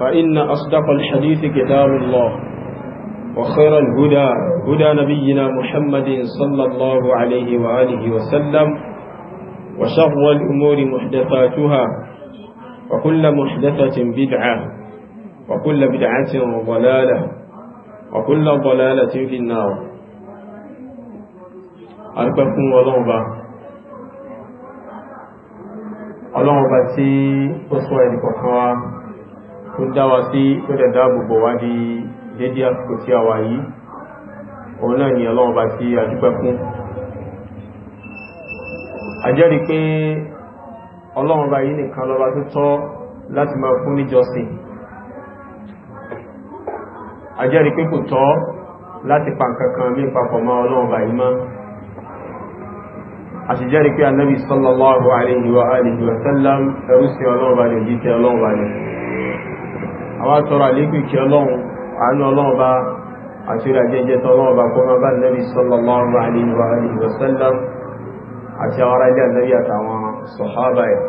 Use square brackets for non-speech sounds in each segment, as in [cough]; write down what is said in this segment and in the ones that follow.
فإن أصدق الحديث كتاب الله وخير الهدى هدى نبينا محمد صلى الله عليه وآله وسلم وشر الأمور محدثاتها وكل محدثة بدعة وكل بدعة ضلالة وكل ضلالة في النار أربكم ولوبا ọlọ́run ọba tí ó sọ ẹnìkọ̀kan tó dáwà sí tó dẹ̀dá gbogbo wá di dédé àsìkò tí a wà yìí òun náà ni ọlọ́run bá tí a dúpẹ́ fún àjẹ́rìí pé ọlọ́run bá yìí nìkan lọ́ba tó tọ́ láti máa fún níjọsìn àjẹ́rìí pé kò tọ́ láti pa nǹkankan mí papọ̀ mọ́ ọlọ́run bá yìí mọ́ àṣìjẹ́rìí pé anábì sallallahu alaihi wa alihi wa sallam ẹrú sí ọlọ́run bá lè jíkẹ́ ọlọ́run bá lè àwọn tọrọ àlékù kí ọlọ́run àánú ọlọ́run bá àti ìrìnàjẹjẹ tọ́lọ́run bá kọ́ máa bá nẹ́bí sallallahu alaihi wa alihi wa sallam àti àwọn ará ilé ànẹ́bí àtàwọn sọ̀hábà ẹ̀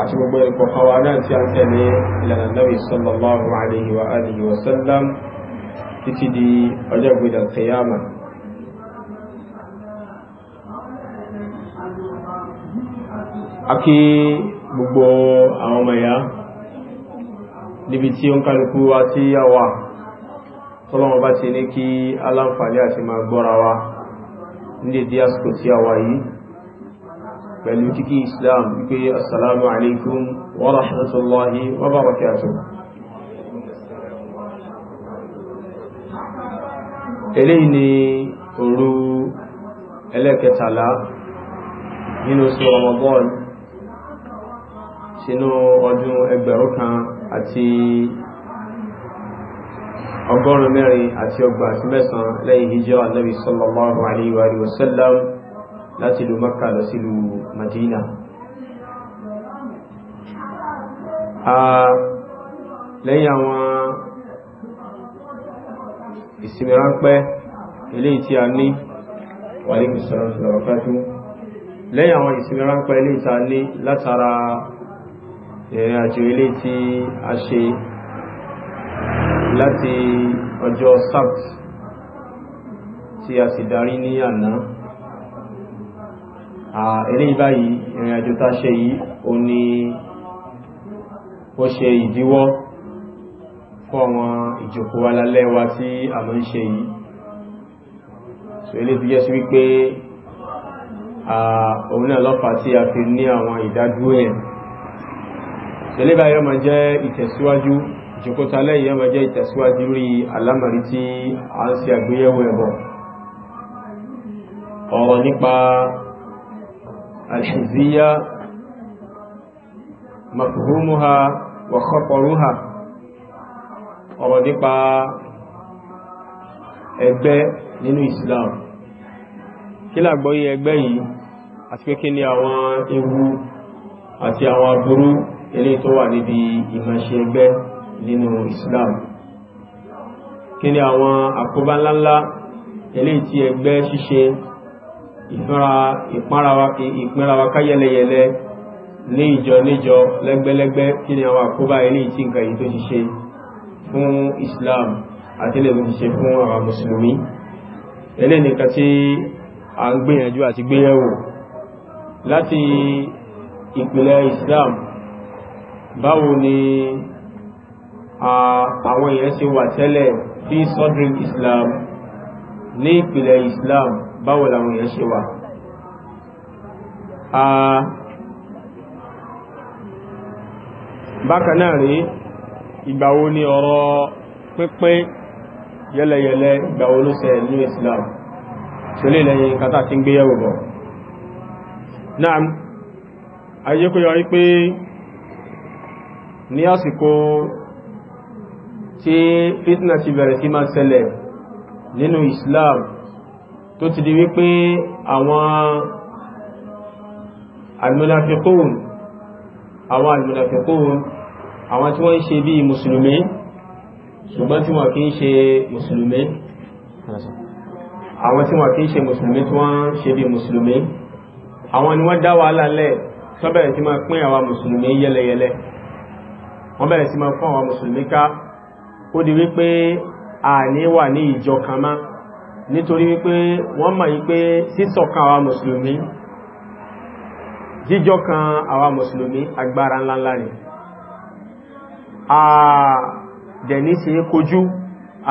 àti gbogbo ẹ̀kọ́ Aki gbogbo àwọn ọmọ ya níbi tí ó ń kálukú wa tí yà wà tọ́lọ́wọ́ bá ti ní kí aláǹfààní àti máa gbọ́ra wa nílé dí àsìkò tí a wà yìí pẹ̀lú kíkí islam wípé assalamu alaikum wa rahmatullahi wa barakatuh Sinu ni òru ẹlẹ́kẹtàlá nínú oṣù Ramadan sínú ọdún ẹgbẹ̀rún kan àti ọgọ́rùn mẹ́rin àti ọgbà àti mẹ́sàn lẹ́yìn hijira nabi sallallahu alaihi wa sallam láti ìlú Makka lọ sí ìlú Madina lẹ́yìn àwọn ìsinmi ránpẹ́ eléyìí tí a ní wà ní ìsinmi ránpẹ́ eléyìí tí a ní látara ìrìn àjò ilé tí a ṣe láti ọjọ́ sabt tí a sì darí ní àná eléyìí báyìí ìrìn àjò tá ṣe yìí o ní ó ṣe ìdíwọ́ fún àwọn ìjòkó alálẹ́wà tí a mọ́ ń ṣe yìí so ilé tí jẹ́ sí wípé òun náà lọ́fà tí a fi ní àwọn ìdádúró tẹ́lébà yọ ma jẹ́ ìtẹ̀síwájú ìjọkóta lẹ́yìn yọ ma jẹ́ ìtẹ̀síwájú rí alámàrí tí a ń ṣe àgbéyẹ̀wò ẹ̀bọ̀ ọ̀rọ̀ nípa alhiziyya mafhumuha wa khataruha ọ̀rọ̀ nípa ẹgbẹ́ nínú Islam kí làgbọ́yé ẹgbẹ́ yìí àti pé kí ni àwọn ewu àti àwọn aburú eléyìí tó wà níbi ìmọ̀ṣe ẹgbẹ́ nínú Islam kí ni àwọn àkóbá ńláńlá eléyìí tí ẹgbẹ́ ṣíṣe ìpínrawa káyẹlẹyẹlẹ ní ìjọ níjọ lẹ́gbẹ́lẹ́gbẹ́ kí ni àwọn àkóbá eléyìí tí nǹkan yìí tó ṣíṣe fún Islam àti lè mú ṣe fún àwọn mùsùlùmí eléyìí nìkan tí a ń gbìyànjú àti gbéyẹ̀wò láti ìpìlẹ̀ Islam báwo ni àwọn èèyàn ṣe wà tẹ́lẹ̀ fi sọ́dún islam ní ìpìlẹ̀ islam báwo làwọn èèyàn ṣe wà bákan náà rí ìgbàwo ni ọ̀rọ̀ pínpín yẹlẹyẹlẹ ìgbàwo ló ṣẹ ní islam ṣẹlẹ̀ lẹ́yìn kátà tí ń gbé yẹ̀wò bọ̀ náà ayé kó yọrí pé ní àsìkò tí fitna ti bẹ̀rẹ̀ sí máa ṣẹlẹ̀ nínú Islam tó ti di wípé àwọn almunafiqun àwọn almunafiqun àwọn tí wọ́n ń ṣe bí mùsùlùmí ṣùgbọ́n tí wọ́n kì í ṣe mùsùlùmí àwọn tí wọ́n kì í ṣe mùsùlùmí tí wọ́n ṣe bí mùsùlùmí àwọn ni wọ́n dá wàhálà lẹ̀ tó bẹ̀rẹ̀ máa pín àwa mùsùlùmí yẹlẹyẹlẹ wọ́n bẹ̀rẹ̀ sí máa fún àwọn mùsùlùmí ká ó di wípé àní wà ní ìjọ kan má nítorí wípé wọ́n mọ̀ wípé sísọ̀kan àwọn mùsùlùmí jíjọ kan àwọn mùsùlùmí agbára ńláńlá ni àdẹ̀ní ṣe kojú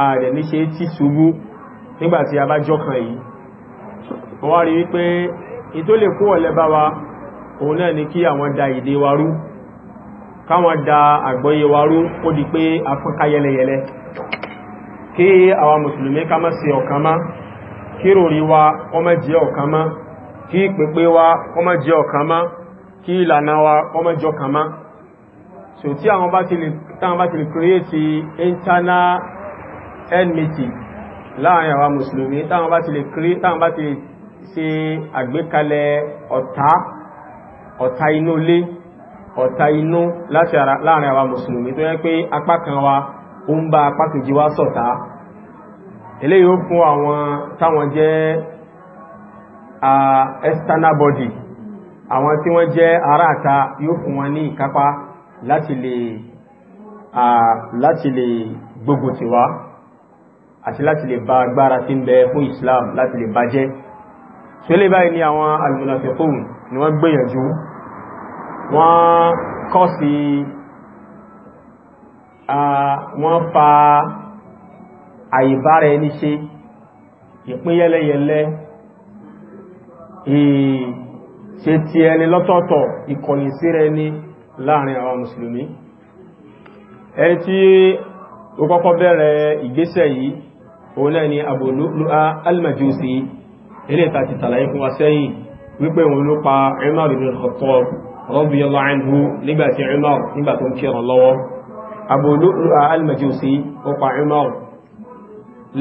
àdẹ̀ní ṣe tí ṣubú nígbàtí a bá jọ kan yìí wọ́n rí wípé ìtó lè kó ọ̀lẹ́bá wa òun náà ni kí àwọn da ìdè wa rú káwọn da àgbọ́yé wa rú ó di pé afọ́nká yẹlẹyẹlẹ kí àwa mùsùlùmí ká má ṣe ọ̀kan má kí ròrí wa kọ́mọ́ jẹ́ ọ̀kan má kí ìpépé wa kọ́mọ́ jẹ́ ọ̀kan má kí ìlànà wa kọ́mọ́ jẹ́ ọ̀kan má so tí àwọn bá ti lè táwọn bá ti internal enmity láàrin àwa mùsùlùmí táwọn bá ti lè create àgbékalẹ̀ ọ̀tá inú ilé ọ̀tá inú láàrin àwa mùsùlùmí tó yẹ pé apá kan wa ó ń bá apá kejì wa ṣọ̀tá eléyìí ó fún àwọn táwọn jẹ́ external body àwọn tí wọ́n jẹ́ aráàta yóò fún wọn ní ìkápá láti lè láti lè gbógun tì wá àti láti lè bá agbára tí ń bẹ fún Islam láti lè bá jẹ́ so lè báyìí ni àwọn al-munafiqun ni wọ́n gbìyànjú wọ́n kọ́sí wọ́n fa àìbára ẹni ṣe ìpín yẹlẹyẹlẹ ìṣe ti ẹni lọ́tọ̀ọ̀tọ̀ ìkọ̀yìn sí rẹ ní láàrin àwọn mùsùlùmí ẹni tí ó kọ́kọ́ bẹ̀rẹ̀ ìgbésẹ̀ yìí òun náà ni Abu Lu'lu'a al-Majusi ilé wa sẹ́yìn wípé òun ló pa Umar ibn radiyallahu anhu nígbàtí Umar nígbà tó ń kírun lọ́wọ́ Abu Lu'lu'a al-Majusi ó pa Umar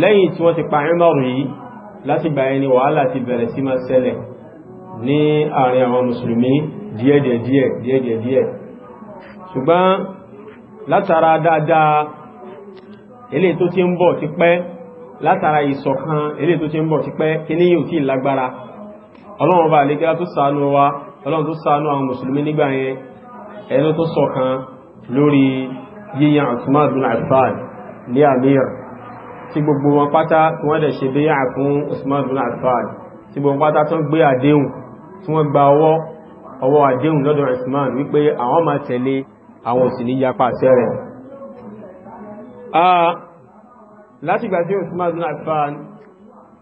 lẹ́yìn tí wọ́n ti pa Umar yìí láti gbà ẹni wàhálà ti bẹ̀rẹ̀ sí máa ṣẹlẹ̀ ní àárín àwọn mùsùlùmí díẹ̀díẹ̀díẹ̀ ṣùgbọ́n látara dáadáa eléyìí tó ti ń bọ̀ ti pẹ́ látara ìṣọ̀kan eléyìí tó ti ń bọ̀ ti pẹ́ ọlọ́run tó ṣàánú àwọn mùsùlùmí nígbà yẹn ẹni tó ṣọ̀kan lórí yíyan Uthman bin Affan ní amir tí gbogbo wọn pátá tí wọ́n dẹ̀ ṣe béyà fún Uthman bin Affan tí gbogbo pátá tó ń gbé àdéhùn tí wọ́n gba ọwọ́ ọwọ́ àdéhùn lọ́dọ̀ Uthman wípé àwọn máa tẹ̀lé àwọn òsì ní yapa àṣẹ rẹ̀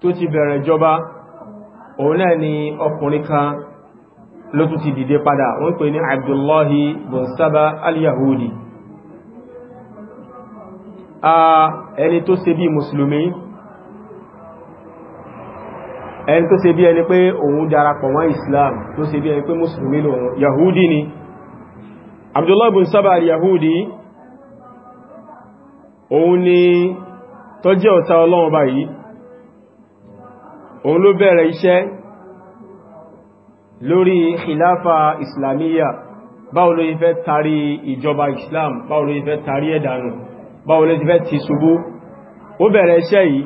tó ti bẹ̀rẹ̀ ìjọba òun náà ni ọkùnrin kan ló tún ti dìde padà wọ́n pè ní abdullahi bin saba al-yahudi ẹni tó ṣe bí mùsùlùmí ẹni tó ṣe bí ẹni pé òun darapọ̀ mọ́ islam tó ṣe bí ẹni pé mùsùlùmí lòun yahudi ni abdullahi bin saba al-yahudi òun ni tó jẹ́ ọ̀tá ọlọ́run báyìí òun ló bẹ̀rẹ̀ iṣẹ́ lórí khilafa islamiyya báwo ló fẹ́ tarí ìjọba islam báwo ló fẹ́ tarí ẹ̀dànù báwo ló fẹ́ ti ṣubú ó bẹ̀rẹ̀ iṣẹ́ yìí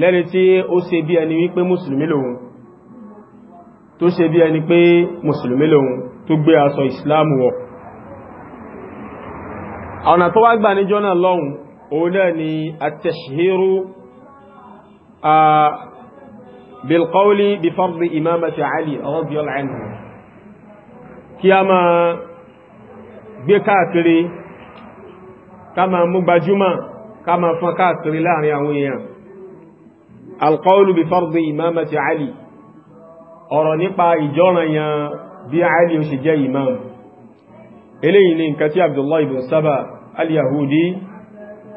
lẹ́ni tí ó ṣe bí ẹni wípé mùsùlùmí lòun tó ṣe bí ẹni pé mùsùlùmí lòun tó gbé aṣọ islam wọ̀ ọ̀nà tó wá gbà níjọ́ náà lọ́hùn òun náà ni at bilqawli bi fardi imamati ali radiyallahu anhu kí a máa gbé káàkiri ká máa mú gbajúmọ̀ ká máa fún káàkiri láàrin àwọn èèyàn alqawlu bi fardi imamati ali ọ̀rọ̀ nípa ìjọ́ranyan bí ali ó ṣe jẹ́ imam eléyìí ni nǹkan tí abdullahi ibn saba al-yahudi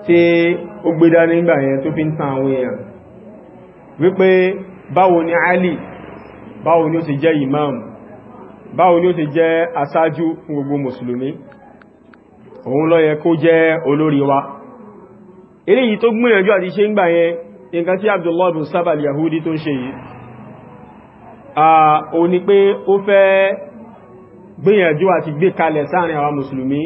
tí ó gbé dání nígbà yẹn tó fi ń tan àwọn èèyàn wípé báwo ni Ali báwo ni ó ti jẹ́ imam báwo ni ó ti jẹ́ aṣáájú fún gbogbo mùsùlùmí òun ló yẹ kó jẹ́ olórí wa eléyìí tó gbìyànjú àti ṣe ń gbà yẹn nǹkan tí Abdullah bin Saba yahudi tó ń ṣe yìí ó ní pé ó fẹ́ gbìyànjú àti gbé kalẹ̀ sáàrin àwọn mùsùlùmí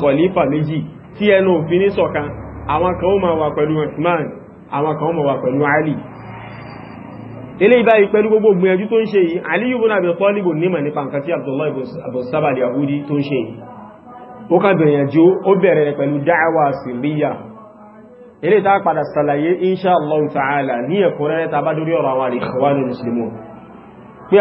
khalifa méjì tí ẹnu òfin ní ṣọ̀kan àwọn kan ó ma wà pẹ̀lú Uthman àwọn kan ó ma wà pẹ̀lú Ali eléyìí báyìí pẹ̀lú gbogbo gbìyànjú tó ń ṣe yìí Aliyu ibn Abi Talib nímọ̀ nípa nǹkan tí Abdullahi ibn Saba al-Yahudi tó ń ṣe yìí ó ká gbìyànjú ó bẹ̀rẹ̀ rẹ̀ pẹ̀lú da'wa sirriya eléyìí tá padà sàlàyé insha Allah ta'ala ní ẹ̀kúnrẹ́rẹ́ ta bá dórí ọ̀rọ̀ àwọn al-Ikhwanul Muslimun pé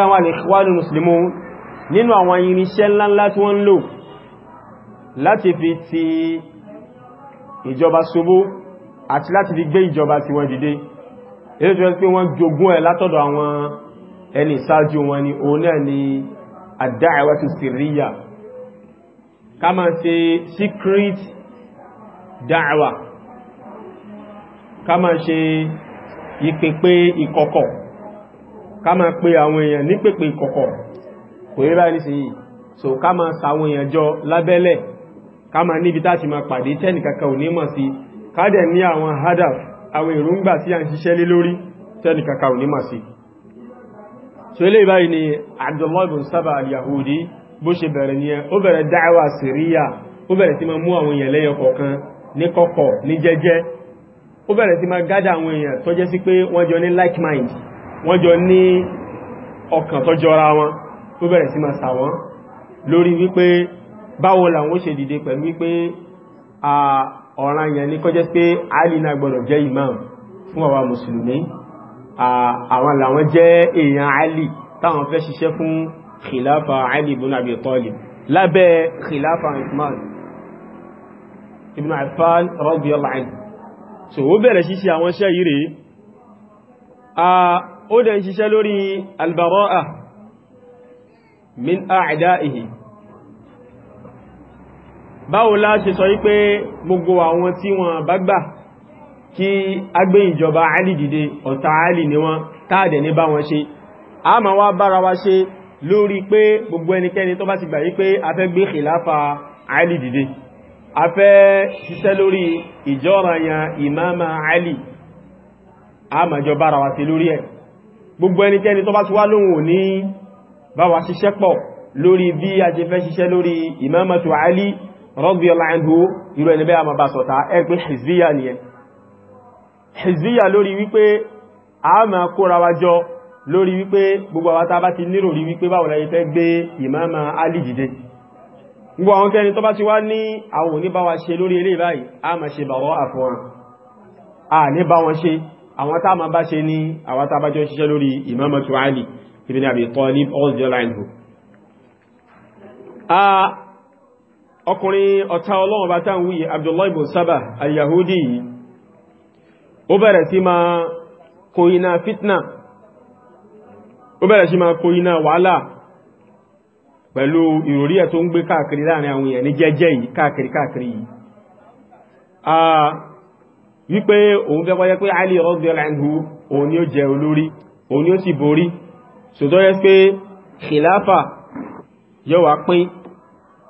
àwọn ìjọba ṣubú àti láti fi gbé ìjọba tí wọ́n dìde ilé tó yẹ pé wọ́n jogún ẹ̀ látọ̀dọ̀ àwọn ẹni ìsáájú wọn ni òun náà ni ad-da'watu sirriya ká máa ṣe secret da'wa ká máa ṣe ìpèpè ìkọ̀kọ̀ ká máa pe àwọn èèyàn ní pèpè ìkọ̀kọ̀ kò rí báyìí sí yìí so ká máa sàwọn èèyàn jọ lábẹ́lẹ̀ ká máa níbi tá ti máa pàdé tẹ́nìkankan ò ní mọ̀ sí ká dẹ̀ ní àwọn hadaf àwọn èròǹgbà tí a ń ṣiṣẹ́ lé lórí tẹ́nì kàkà ò ní mà sí so ilé ìbáyìí ni Abdullah ibn Saba yahudi bó ṣe bẹ̀rẹ̀ ní ẹ ó bẹ̀rẹ̀ dáwà síríyà ó bẹ̀rẹ̀ sí ma mú àwọn èèyàn lẹ́yọ kọ̀ọ̀kan ní kọ̀kọ̀ ní jẹ́ like mind wọ́n jọ ní ọkàn tó jọra wọn ó bẹ̀rẹ̀ sí ma sà ọ̀ràn yẹn ní kọjẹ́ pé Ali náà gbọ́dọ̀ jẹ́ imam fún àwa mùsùlùmí àwọn làwọn jẹ́ èèyàn Ali táwọn fẹ́ ṣiṣẹ́ fún khilafa Ali ibn Abi Talib lábẹ́ khilafa Uthman ibn Affan radiyallahu anhu so ó bẹ̀rẹ̀ ṣiṣẹ́ àwọn iṣẹ́ yìí rèé ó dẹ̀ ṣiṣẹ́ lórí albara'a min a'da'ihi báwo la ṣe sọ wípé gbogbo àwọn tí wọ́n bá gbà kí agbé ìjọba alì dìde alì ni wọ́n táàdẹ̀ ní bá wọn ṣe a máa wá bára wa ṣe lórí pé gbogbo ẹnikẹ́ni tó bá ti gbà wípé a fẹ́ gbé khilafa alì dìde a fẹ́ ṣiṣẹ́ lórí ìjọ́rayan ìmáàmà alì a máa jọ bára wa ṣe lórí ẹ̀ gbogbo ẹnikẹ́ni tó radiyallahu anhu irú ẹni bẹ́ẹ̀ a máa bá sọ̀tá ẹ pé hizbiya nìyẹn hizbiya lórí wípé a máa kóra wa jọ lórí wípé gbogbo àwọn tàbá ti lérò rí wípé báwo la yẹ fẹ́ gbé ìmáàmà alì wa ṣe lórí eléyìí báyìí a máa ṣe bàwọ́ àfọwọ́n a ní bá wọn ṣe àwọn tá máa bá ọkùnrin ọ̀tá ọlọ́run bá tá ń wí Abdullahi ibn Saba al-Yahudi yìí ó bẹ̀rẹ̀ sí ma kó fitna ó bẹ̀rẹ̀ sí ma kó iná wàhálà pẹ̀lú ìròrí ẹ̀ tó ń gbé káàkiri láàrin àwọn èèyàn ní jẹ́jẹ́ yìí káàkiri káàkiri yìí a wípé òun fẹ́ kọjá pé Ali radiyallahu anhu òun ni ó jẹ olórí òun ni ó sì borí sòtọ́ yẹ pé khilafa yóò wá pín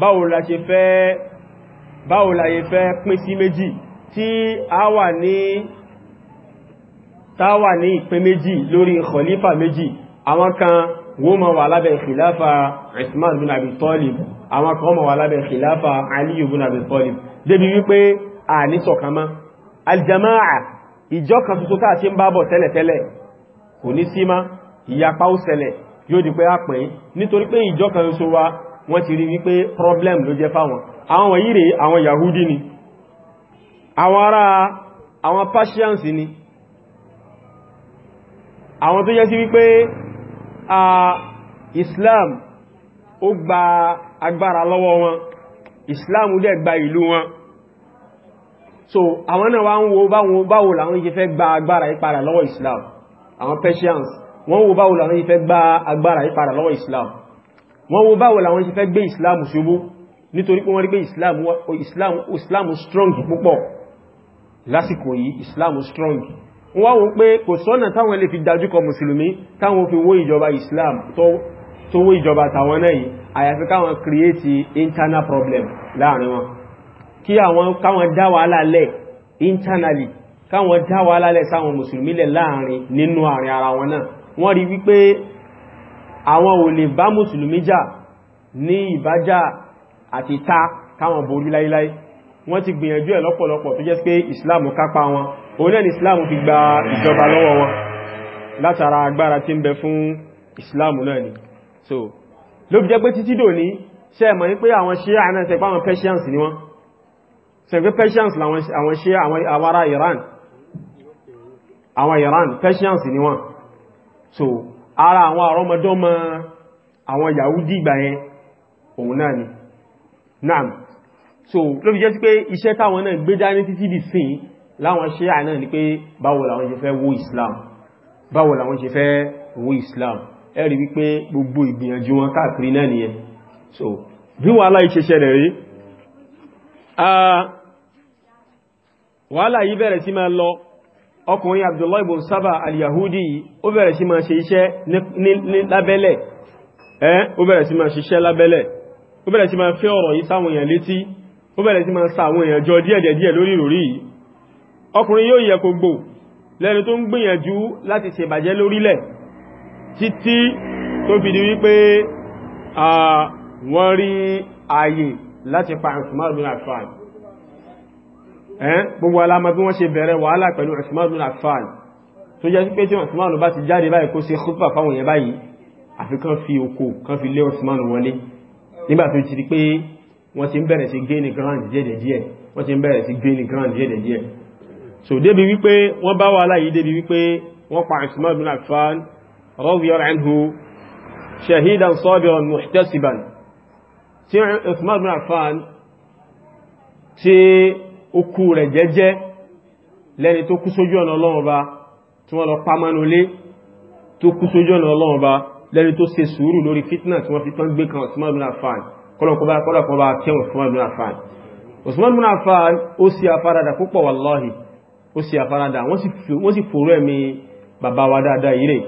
báwo la ṣe fẹ́ báwo la ṣe fẹ́ pín sí méjì tí a wà ní táwà ní ìpín méjì lórí khalifa méjì àwọn kan wọ́n ma wà lábẹ́ khilafa Usman bin Abi Talib àwọn kan ma wà lábẹ́ khilafa Ali bin Abi Talib débi wípé a ní ṣọ̀kan mọ́ aljamaa ìjọ kan tuntun tá a ti ń bábọ̀ tẹ́lẹ̀tẹ́lẹ̀ kò ní sí má ìyapa ó ṣẹlẹ̀ yóò di pé a pín nítorí pé ìjọ kan ṣoṣo wa wọ́n ti rí wípé problem ló jẹ́ fáwọn àwọn wọ̀nyí rèé àwọn Yahudi ni àwọn ará àwọn Persians ni àwọn tó jẹ́ sí wípé a Islam ó gba agbára lọ́wọ́ wọn Islam dẹ̀ gba ìlú wọn so àwọn náà wá ń wo báwo làwọn yìí fẹ́ gba agbára ìpara lọ́wọ́ Islam àwọn Persians wọ́n wo báwo làwọn yìí fẹ́ gba agbára ìpara lọ́wọ́ Islam wọ́n wo báwo làwọn ṣe fẹ́ gbé islam ṣubú nítorí pé wọ́n rí pé islam strong púpọ̀ lásìkò yìí islam strong wọ́n wá wọ́n pé kò sọ́nà táwọn lè fi dájúkọ mùsùlùmí táwọn fi wó ìjọba islam tó wó ìjọba tàwọn náà yìí àyàfi káwọn create internal problem láàrin wọn kí káwọn dá wàhálà lẹ̀ internally káwọn dá wàhálà lẹ̀ sáwọn mùsùlùmí lẹ̀ láàrin nínú àárín ara wọn náà wọ́n rí wípé àwọn ò lè bá mùsùlùmí jà ní ìbájà àti ta káwọn borí láíláí wọ́n ti gbìyànjú ẹ̀ lọ́pọ̀lọpọ̀ tó jẹ́ pé islam kápá wọn òun náà islam fi gba ìjọba lọ́wọ́ wọn látara agbára tí ń bẹ fún islam náà ni so ló fi jẹ́ pé títí dò ní ṣe mọ̀ ní pé àwọn ṣíà náà ṣe pé àwọn persians ni wọ́n iran àwọn iran persians ni wọ́n so ara àwọn àrọmọdọ́mọ àwọn Yahudi ìgbà yẹn òun náà ni naam so ló fi jẹ́ sí pé iṣẹ́ táwọn náà gbé dání títí di sin láwọn ṣe àná ni pé báwo làwọn ṣe fẹ́ wó Islam báwo làwọn ṣe fẹ́ wó Islam ẹ rí wípé gbogbo ìgbìyànjú wọn káàkiri náà nìyẹn so bí wàhálà ìṣẹ́ṣẹ́ rẹ̀ rí wàhálà yìí bẹ̀rẹ̀ sí máa lọ ọkùnrin abdullahi ibn saba al-yahudi ó bẹ̀rẹ̀ sí máa ṣe iṣẹ́ lábẹ́lẹ̀ ẹ́ ó bẹ̀rẹ̀ sí máa ṣiṣẹ́ lábẹ́lẹ̀ ó bẹ̀rẹ̀ sí máa fẹ́ ọ̀rọ̀ yìí sáwọn èèyàn létí ó bẹ̀rẹ̀ sí máa sáwọn èèyàn jọ díẹ̀díẹ̀ lórí ìròrí yìí ọkùnrin yóò yẹ kó gbò lẹ́nu tó ń gbìyànjú láti ṣèbàjẹ́ lórílẹ̀ títí tó fi di wípé wọ́n rí ààyè láti pa Usman bin Affan Eh, gbogbo alama bí wọ́n ṣe bẹ̀rẹ̀ wàhálà pẹ̀lú Usman bin Affan tó jẹ́ pé tí Usman bá ti jáde báyìí kó ṣe khutba fáwọn yẹn báyìí àfi kan fi oko kan fi lé Usman wọlé nígbà tó ti di pé wọ́n ti ń bẹ̀rẹ̀ sí gain ground díẹ̀díẹ̀ wọ́n ti ń bẹ̀rẹ̀ sí gain ground díẹ̀díẹ̀ so débi wípé wọ́n bá wàhálà yìí débi wípé wọ́n pa Usman bin Affan radiyallahu anhu shahidan sabiran muhtasiban tí Usman bin Affan tí ó kú rẹ̀ jẹ́jẹ́ lẹ́ni tó kú sójú ọ̀nà ọlọ́run ba tí wọ́n lọ pamọ́nu lé tó kú sójú ọ̀nà ọlọ́run ba lẹ́ni tó ṣe sùúrù lórí fitna tí wọ́n fi tán gbé kan Usman bin Affan kọ́lọ̀kọ́lá kan bá kẹ́ Usman bin Affan Usman bin Affan ó sì afárádà púpọ̀ wàláhì ó sì afárádà wọ́n sì fòrò ẹ̀mí bàbá wa dáadáa yìí rẹ̀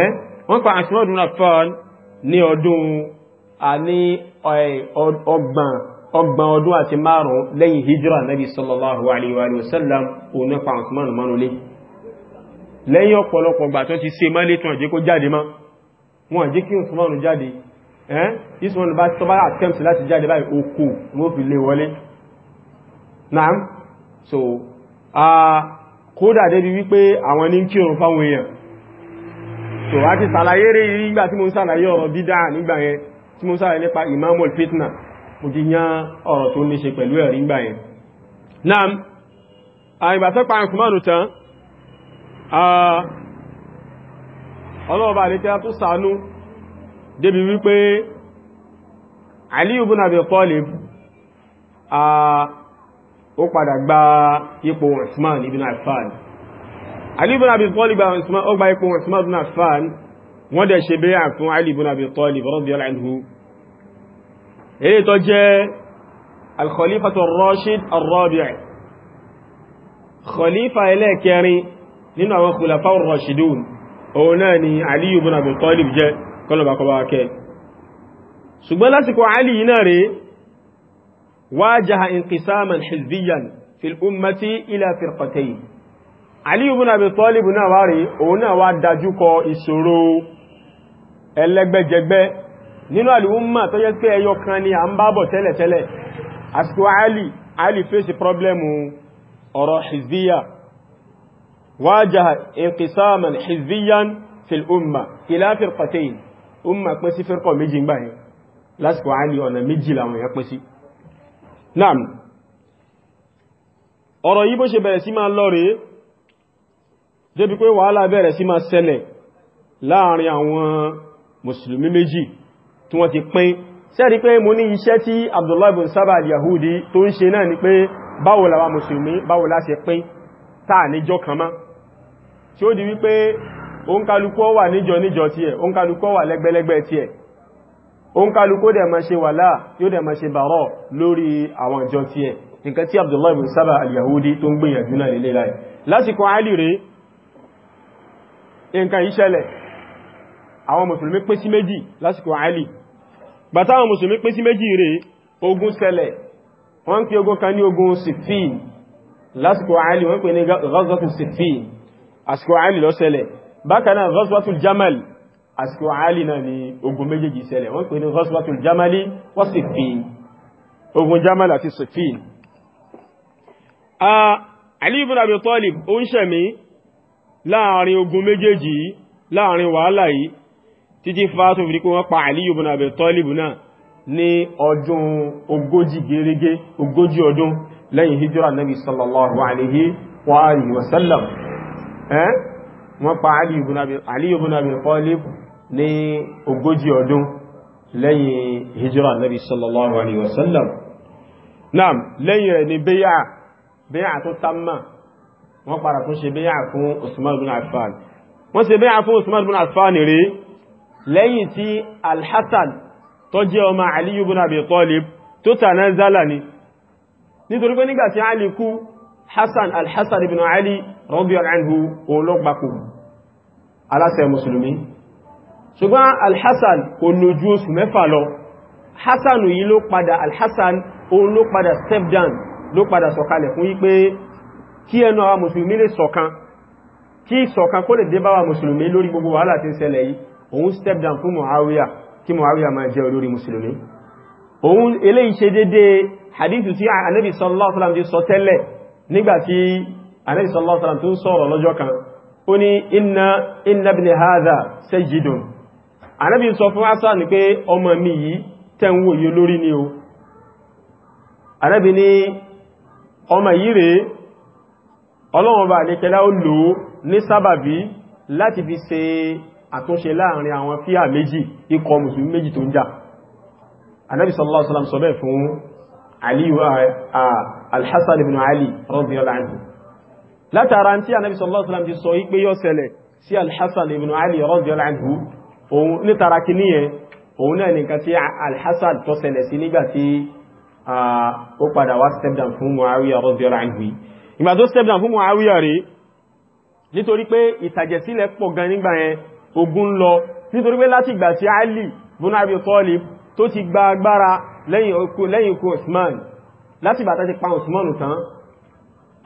ẹ́ wọ́n pa Usman bin Affan ní ọdún àní ọgbọ̀n ọgbọ̀n ọdún àti márùn-ún lẹ́yìn hijira nabi sallallahu alaihi wa sallam òun nípa Usman manulé lẹ́yìn ọ̀pọ̀lọpọ̀ gbà tó ti ṣe mọ́lé tún àjẹ́ kó jáde má wọn àjẹ́ kí Usman jáde ẹ́n Usman bá tọ́bá attempt láti jáde báyìí okò wọ́n fi lè wọlé so kódà débi wípé àwọn ní kírun fáwọn so a ti sàlàyé rí nígbà tí mo ń sàlàyé ọ̀rọ̀ bídá nígbà yẹn mo ti yán ọ̀rọ̀ tó ní ṣe pẹ̀lú ẹ̀rí gbà yẹn náà àìgbà tó parí kùmọ́nù tán ọlọ́ọ̀bà àdékẹ́lá tó sànú débi wípé Aliyu ibn Abi Talib ó padà gba ipò Usman ibn Affan Aliyu ibn Abi Talib gba ipò Usman ibn Affan wọ́n dẹ̀ ṣe bẹ́yà fún Aliyu ibn Abi Talib èyí tó jẹ́ alkhalifatul rashid al-rabi'i khalifa ẹlẹ́kẹrin nínú àwọn khulafa rashidun òun náà ni aliyu bin abu talib jẹ́ kọlọ̀bàkọba kẹ́ ṣùgbọ́n lásìkò aliyu náà rẹ̀ wájáha inqisaman hizbiyan fil ummati ila firqatayn aliyu bin abu talib náà wá rí òun náà wá dájúkọ ìṣòro ẹlẹ́gbẹ́jẹgbẹ́ nínú àlùmọ́ tó yẹ pé ẹyọ kan ni a ń bábọ̀ tẹ́lẹ̀tẹ́lẹ̀ àsìkò alì alì fèsì pọ́blẹ́mù ọ̀rọ̀ hizbiya wájáha inqisaman hizbiyan fil umma ila firqatayn umma pín sí firqa méjì gbà yẹn lásìkò alì ọ̀nà méjì làwọn èèyàn pín sí naam ọ̀rọ̀ yìí bó ṣe láàrin àwọn mùsùlùmí méjì tí wọ́n ti pín sẹ́rí pé mo ní iṣẹ́ tí Abdullahi bin Saba yahudi tó ń ṣe náà ni pé báwo làwa mùsùlùmí báwo la ṣe pín táà níjọ́ kan mọ́ tí ó di wípé òǹkálukú wà níjọ níjọ tiẹ̀ òǹkálukú wà lẹ́gbẹ́lẹ́gbẹ́ tiẹ̀ òǹkálukú dẹ̀ máa ṣe wàlá yóò dẹ̀ máa ṣe bàárọ̀ lórí àwọn ìjọ tiẹ̀ nǹkan tí Abdullahi bin Saba al-Yahudi tó ń gbìyànjú náà lè láì lásìkò Àlì rèé nǹkan yìí ṣẹlẹ̀ àwọn mùsùlùmí pín sí méjì lásìkò Àlì bàtà àwọn mùsùlùmí pín sí méjì rẹ̀ ogun ṣẹlẹ̀ wọ́n pè ogun kan ní ogun Siffin lásìkò Àlì wọ́n pè ní ghazwatul Siffin àsìkò Àlì ló ṣẹlẹ̀ bákan náà ghazwatul Jamal àsìkò Àlì náà ni ogun méjèèjì ṣẹlẹ̀ wọ́n pè ní ghazwatul Jamali wa Siffin ogun Jamal àti Siffin Ali ibn Abi Talib ó ń ṣẹ̀mí láàrin ogun méjèèjì láàrin wàhálà yìí títí fàátò fi kí wọ́n pa Aliyu bin Abi Talib náà ní ọdún ogójì gẹ́rẹ́gẹ́ ogójì ọdún lẹ́yìn hijira nabi sallallahu alaihi wa alihi wa sallam eh wọ́n pa Aliyu bin Abi Talib ní ogójì ọdún lẹ́yìn hijira nabi sallallahu alaihi wa sallam naam lẹ́yìn rẹ̀ ni bẹ́yà bẹ́yà tó tamma wọ́n wọ́n lẹ́yìn tí alhassan tó jẹ́ ọmọ aliyu bin abi talib tó tànà zala ni nítorí pé nígbà tí ali kú hassan alhassan ibn ali radiyallahu anhu olóògbàkù aláṣẹ musulmi ṣùgbọ́n alhassan kò lójú oṣù mẹ́fà lọ hassan yìí ló padà alhassan òun ló padà step down ló padà sọ̀kalẹ̀ fún wípé kí ẹnu àwa musulmi lè ṣọ̀kan kí ìṣọ̀kan kó lè dé bá musulmi lórí gbogbo wàhálà tí ń ṣẹlẹ̀ yìí òun step down fún Muawiya kí Muawiya máa jẹ́ olórí mùsùlùmí òun eléyìí ṣe dédé hadithu tí Ànábì sallallahu alaihi wasallam ti sọ tẹ́lẹ̀ nígbàtí Ànábì sallallahu alaihi wasallam tún sọ̀rọ̀ lọ́jọ́ kan ó ní inna inna ibn láti fi ṣe àtúnṣe láàrin àwọn fíà méjì ikọ̀ mùsùlùmí méjì tó ń jà anábì sallallahu alaihi wasallam sọ bẹ́ẹ̀ fún aliyu uh, uh, ibn ali radiyallahu anhu látara tí anábì sallallahu alaihi wasallam ti sọ wípé ibn ali radiyallahu anhu òun nítara kí níyẹn òun náà nìkan tí alhassan tó ṣẹlẹ̀ sí nígbà tí uh, ó padà wá step down fún muawiya radiyallahu anhu ìgbà tó step down fún muawiya rí nítorí pé ìtàjẹ̀sílẹ̀ pọ̀ gan nígbà yẹn ogun lọ nítorí pé láti ìgbà tí Ali ibn Abi Talib tó ti gba agbára lẹ́yìn ikú Usman láti ìgbà tàbí pa Usman tán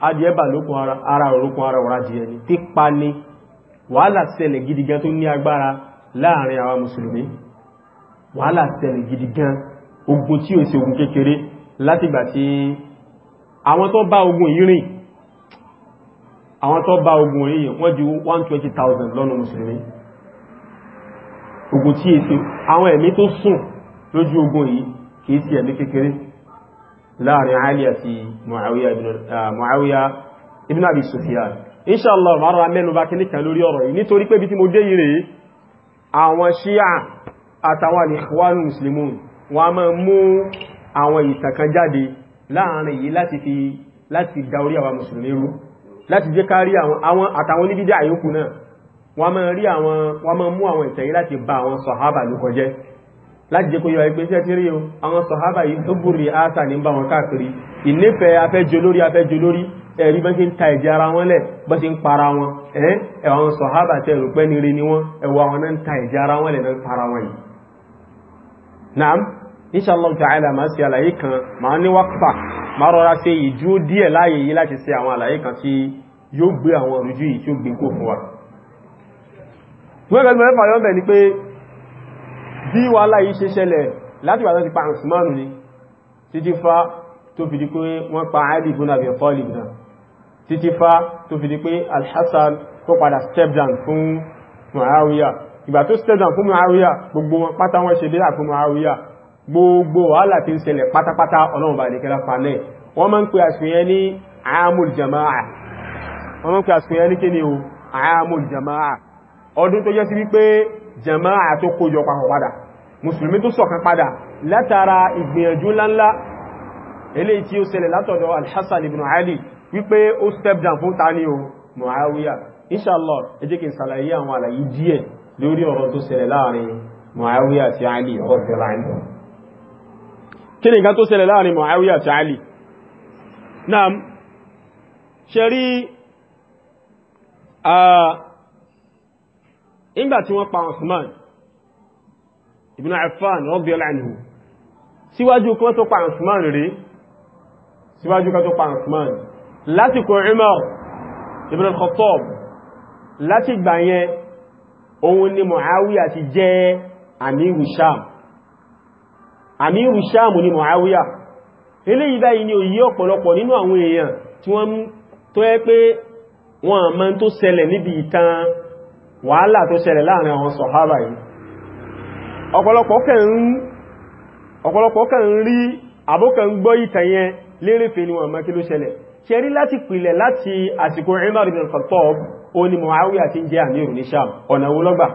adìẹ bà lókun ara òrókun ara ọ̀rá jẹ́ ni tí pa ní wàhálà ṣẹlẹ̀ gidigan tó ní agbára láàrin àwa mùsùlùmí wàhálà ṣẹlẹ̀ gidigan ogun tí ò sí ogun kékeré láti ìgbà tí àwọn tó bá ogun yìí rìn àwọn tó bá ogun yìí wọ́n ju 120,000 lọ́nà mùsùlùmí ogun tí èso àwọn ẹ̀mí tó sùn lójú ogun yìí kìí sí ẹ̀mí kékeré láàrin Ali àti Muawiya ibn Abi Sufyan inshallah ma ra mẹ́nu bá kíní kan lórí ọ̀rọ̀ yìí nítorí pé bí tí mo dé yìí rèé àwọn Shia àtàwọn Ikhwanu Muslimun wọ́n a máa mú àwọn ìtànkan jáde láàrin yìí láti fi láti da orí àwọn mùsùlùmí rú láti jẹ́ kárí àwọn àtàwọn oníbídà àyókù náà wọ́n máa rí àwọn wọ́n máa mú àwọn ìtẹ̀yí láti bá àwọn sọ̀hábà ló kọjẹ́ láti jẹ́ kó yọ ẹgbẹ́ iṣẹ́ tí rí o àwọn sọ̀hábà yìí tó búrí àṣà ní bá wọn káàkiri ìnífẹ́ afẹ́jọ lórí ẹ̀rí bọ́n ti ń ta ẹ̀jẹ̀ ara wọn lẹ̀ bọ́n ti ń para wọn ẹ̀ àwọn sọ̀hábà tẹ̀ rò pẹ́ nire ni wọ́n ẹ̀wọ̀ àwọn náà ń ta ẹ̀jẹ̀ wọn lẹ̀ para wọn yìí naam inshallah ta'ala máa ṣe àlàyé kan máa ní wákfà máa rọra ṣe ìjú díẹ̀ láàyè yìí láti ṣe àwọn àlàyé kan tí yóò gbé àwọn ìrújú yìí tí ó gbé kó fún wa gbogbo ẹ̀fà yọ́ bẹ̀ ni pé bí wàhálà yìí ṣe ṣẹlẹ̀ láti wàhálà ti pa Usman ni títí fa tó fi di pé wọ́n pa Ali ibn Abi Talib náà títí ìgbà tó step fún Muawiya gbogbo wọn pátá wọn ṣe bílá fún Muawiya gbogbo wàhálà tí ń ṣẹlẹ̀ pátápátá ọlọ́run bá nìkẹ́lá panẹ́ wọ́n máa ń pè àṣìyàn ní àmùl jama'a ọdún tó jẹ́ sí wípé jama'a tó kójọ papọ̀ padà musulmi tó ṣọ̀kan padà látara ìgbìyànjú ńláńlá eléyìí tí ó ṣẹlẹ̀ látọ̀dọ̀ alhassan ibn ali wípé ó step down fún ta ní o muawiya inshallah ẹ jẹ́ kí n ṣàlàyé àwọn àlàyé díẹ̀ lórí ọ̀rọ̀ tó ṣẹlẹ̀ láàrin muawiya àti ali kí nígbà tí wọ́n pa Usman ibn Affan radiyallahu anhu síwájú kan tó pa Usman rí síwájú kan tó pa Usman lásìkò Umar ibn al-Khattab láti gbà yẹn òun ni Muawiya ti jẹ́ Amiru Sham Amiru Sham ni Muawiya ilé ìdá yìí ni òyí ọ̀pọ̀lọpọ̀ nínú àwọn èèyàn tí wọ́n tó ẹ́ pé wọ́n àmọ́ tó ṣẹlẹ̀ níbi ìtàn wàhálà tó ṣẹlẹ̀ láàrin àwọn sọ̀hábà yìí ọ̀pọ̀lọpọ̀ kàn ń rí àbókàn gbọ́ ìtàn yẹn lérèfé ni wọ́n mọ̀ kí ló ṣẹlẹ̀ ṣe rí láti pìlẹ̀ láti àsìkò Umar ibn al-Khattab ó ní Muawiya tí ń jẹ́ àmírù ní Sham ọ̀nà wo lọ́gbà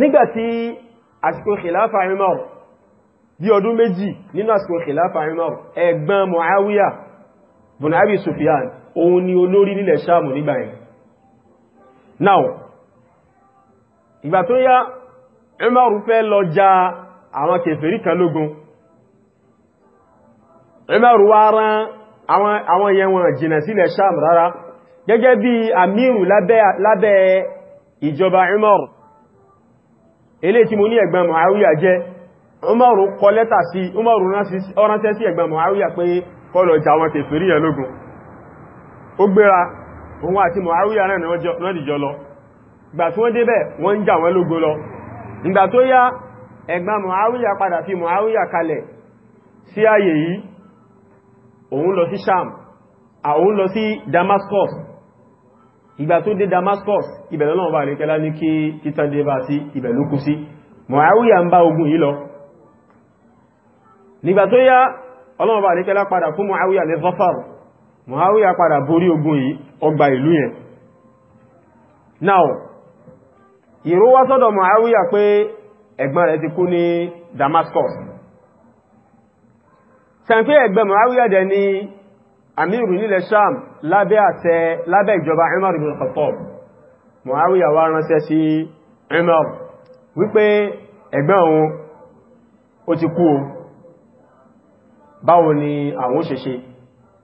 nígbàtí àsìkò khilafa Umar bí ọdún méjì nínú àsìkò khilafa Umar ẹ̀gbọ́n Muawiya ni olórí nílẹ̀ Sham nígbà yẹn now ìgbà tó yá ẹmọ́rù fẹ́ lọ ja àwọn kèfèrí kan lógun ẹmọ́rù wá rán àwọn yẹn wọn jìnà sílẹ̀ Sham rárá gẹ́gẹ́ bí amíru lábẹ́ ìjọba ẹmọ́rù ilé tí mo ní ẹ̀gbọ́n Muawiya jẹ́ ẹmọ́rù kọ lẹ́tà sí ẹmọ́rù ránṣẹ́ sí ẹ̀gbọ́n Muawiya pé lọ ja àwọn kèfèrí yẹn lógun òun àti Muawiya náà náà dìjọ lọ ìgbà tí wọ́n débẹ̀ wọ́n ń jà wọ́n lógo lọ ìgbà tó yá ẹ̀gbọ́n Muawiya padà fi Muawiya kalẹ̀ sí ààyè yìí òun lọ sí Sham àwọn lọ sí Damascus ìgbà tó dé Damascus ibẹ̀ lọ́nà ọba àríkẹ́lá ní kí títàn dé bá sí ibẹ̀ ló kú sí Muawiya ń bá ogun yìí lọ nígbà tó yá ọlọ́ọ̀bà àríkẹ́lá zafar Muawiya padà borí ogun yìí ọgbà ìlú yẹn now ìró wá sọ́dọ̀ Muawiya pé ẹ̀gbọ́n rẹ̀ ti kú ní Damascus sẹ́n pé ẹgbẹ́ Muawiya dẹ̀ ni amiru nílẹ̀ Sham lábẹ́ àṣẹ lábẹ́ ìjọba Umar ibn Khattab Muawiya wá ránṣẹ́ sí Umar wípé ẹgbẹ́ òun ó ti kú o báwo ni àwọn ó ṣe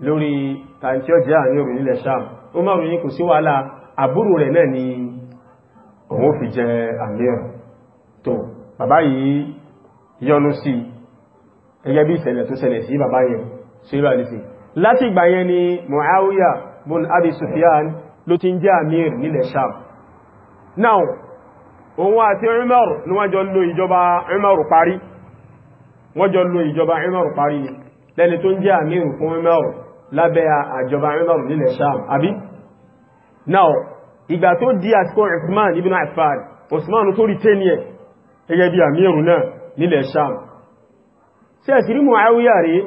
lórí tàntíọ́já ní orí ilẹ̀ sáà ó máa ròyìn kò sí wàhálà àbúrò rẹ̀ náà ni òun fi jẹ àmìràn tó bàbá yìí yọnu sí gẹ́gẹ́ bí ìṣẹ̀lẹ̀ tó ṣẹlẹ̀ sí bàbá yẹn sí ìlú láti ìgbà yẹn ni Muawiya bun Abi Sufyan ló ti ń jẹ́ àmìr nílẹ̀ sáà now òun àti Umar ni wọ́n jọ lo ìjọba Umar parí wọ́n jọ lo ìjọba Umar parí lẹ́ni tó ń jẹ́ àmìr fún Umar lábẹ́ àjọba Umar nílẹ̀ Sham àbí now ìgbà tó di àsìkò Uthman ibn Affan Uthman tó rí tẹ́niẹ̀ gẹ́gẹ́ bí àmírù náà nílẹ̀ Sham ṣe ẹ̀sìrí Muawiya rí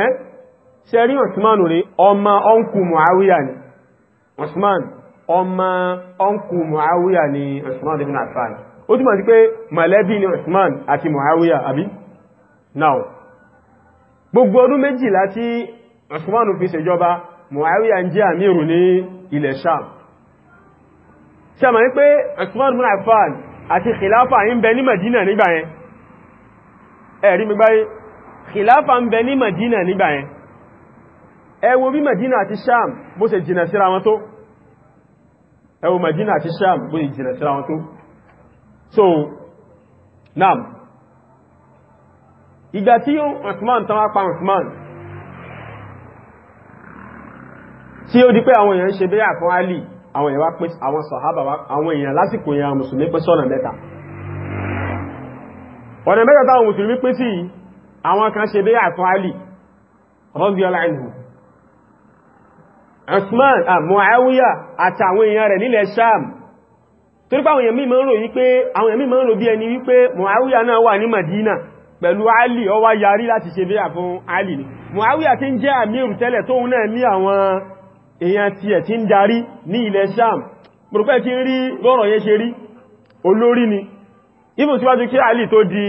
ẹ́ ṣe rí Uthman rí ọmọ ọǹkù Muawiya ni Uthman ọmọ ọǹkù Muawiya ni Uthman ibn Affan ó túnmọ̀ sí pé mọ̀lẹ́bí ni Uthman àti Muawiya àbí now gbogbo ọdún méjìlá tí Usmanu fi ṣèjọba Muawiya ń jẹ́ àmírù ní ilẹ̀ Sham tí a ma ń pé Usman ibn Affan àti khilafa ń bẹ ní Madina nígbà yẹn ẹ̀rí mi gbáyé khilafa ń bẹ ní Madina nígbà yẹn ẹ wo bí Madina àti Sham bó ṣe jìnà síra wọn tó ẹ wo Madina àti Sham bó ṣe jìnà síra wọn tó so naam ìgbà tí Uthman tán wá pa Uthman tí ó di pé àwọn èèyàn ṣe bẹ́yà fún Ali àwọn èèyàn wá pín àwọn sàhábà wá àwọn èèyàn lásìkò èèyàn mùsùlùmí pín sọ́nà mẹ́ta ọ̀nà mẹ́ta táwọn mùsùlùmí pín sí àwọn kan ṣe bẹ́yà fún Ali radiyallahu anhu Uthman Muawiya àti àwọn èèyàn rẹ̀ nílẹ̀ Sham torípa àwọn èèyàn mí mọ́ ń rò wípé àwọn èèyàn mí mọ́ ń rò bí ẹni wípé Muawiya náà wà ní Madina pẹ̀lú Ali ó wá yarí láti ṣe bí àfún Ali ni Muawiya tí ń jẹ́ àmírù tẹ́lẹ̀ tóun náà ní àwọn èèyàn tiẹ̀ tí ń darí ní ilẹ̀ Sham pùrùpẹ́ tí ń rí lọ́rọ̀ yẹ ṣe rí olórí ni ibùn síwájú kí Ali tó di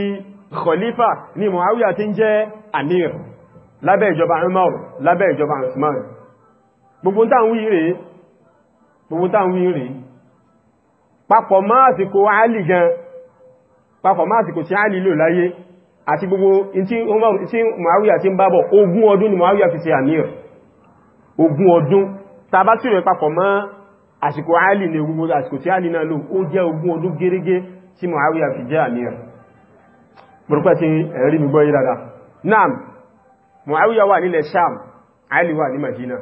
khalifa ni Muawiya tí ń jẹ́ àmírù lábẹ́ ìjọba Umar lábẹ́ ìjọba Usman gbogbo táwọn wí rèé gbogbo táwọn wí papọ̀ máa àsìkò Ali gan papọ̀ máa àsìkò Ali lò láyé àti gbogbo tí Muawiya ti ń bábọ̀ ogún ọdún ni Muawiya fi ti àmìr ogún ọdún tàbá tí rẹ̀ papọ̀ mọ́ àsìkò Ali ní gbogbo àsìkò tí Ali náà lò ó jẹ́ ogún ọdún gẹ́rẹ́gẹ́ tí Muawiya fi jẹ́ àmìr burúkú ti ẹ̀rí Muawiya wà nílẹ̀ Sham Ali wà ní Madina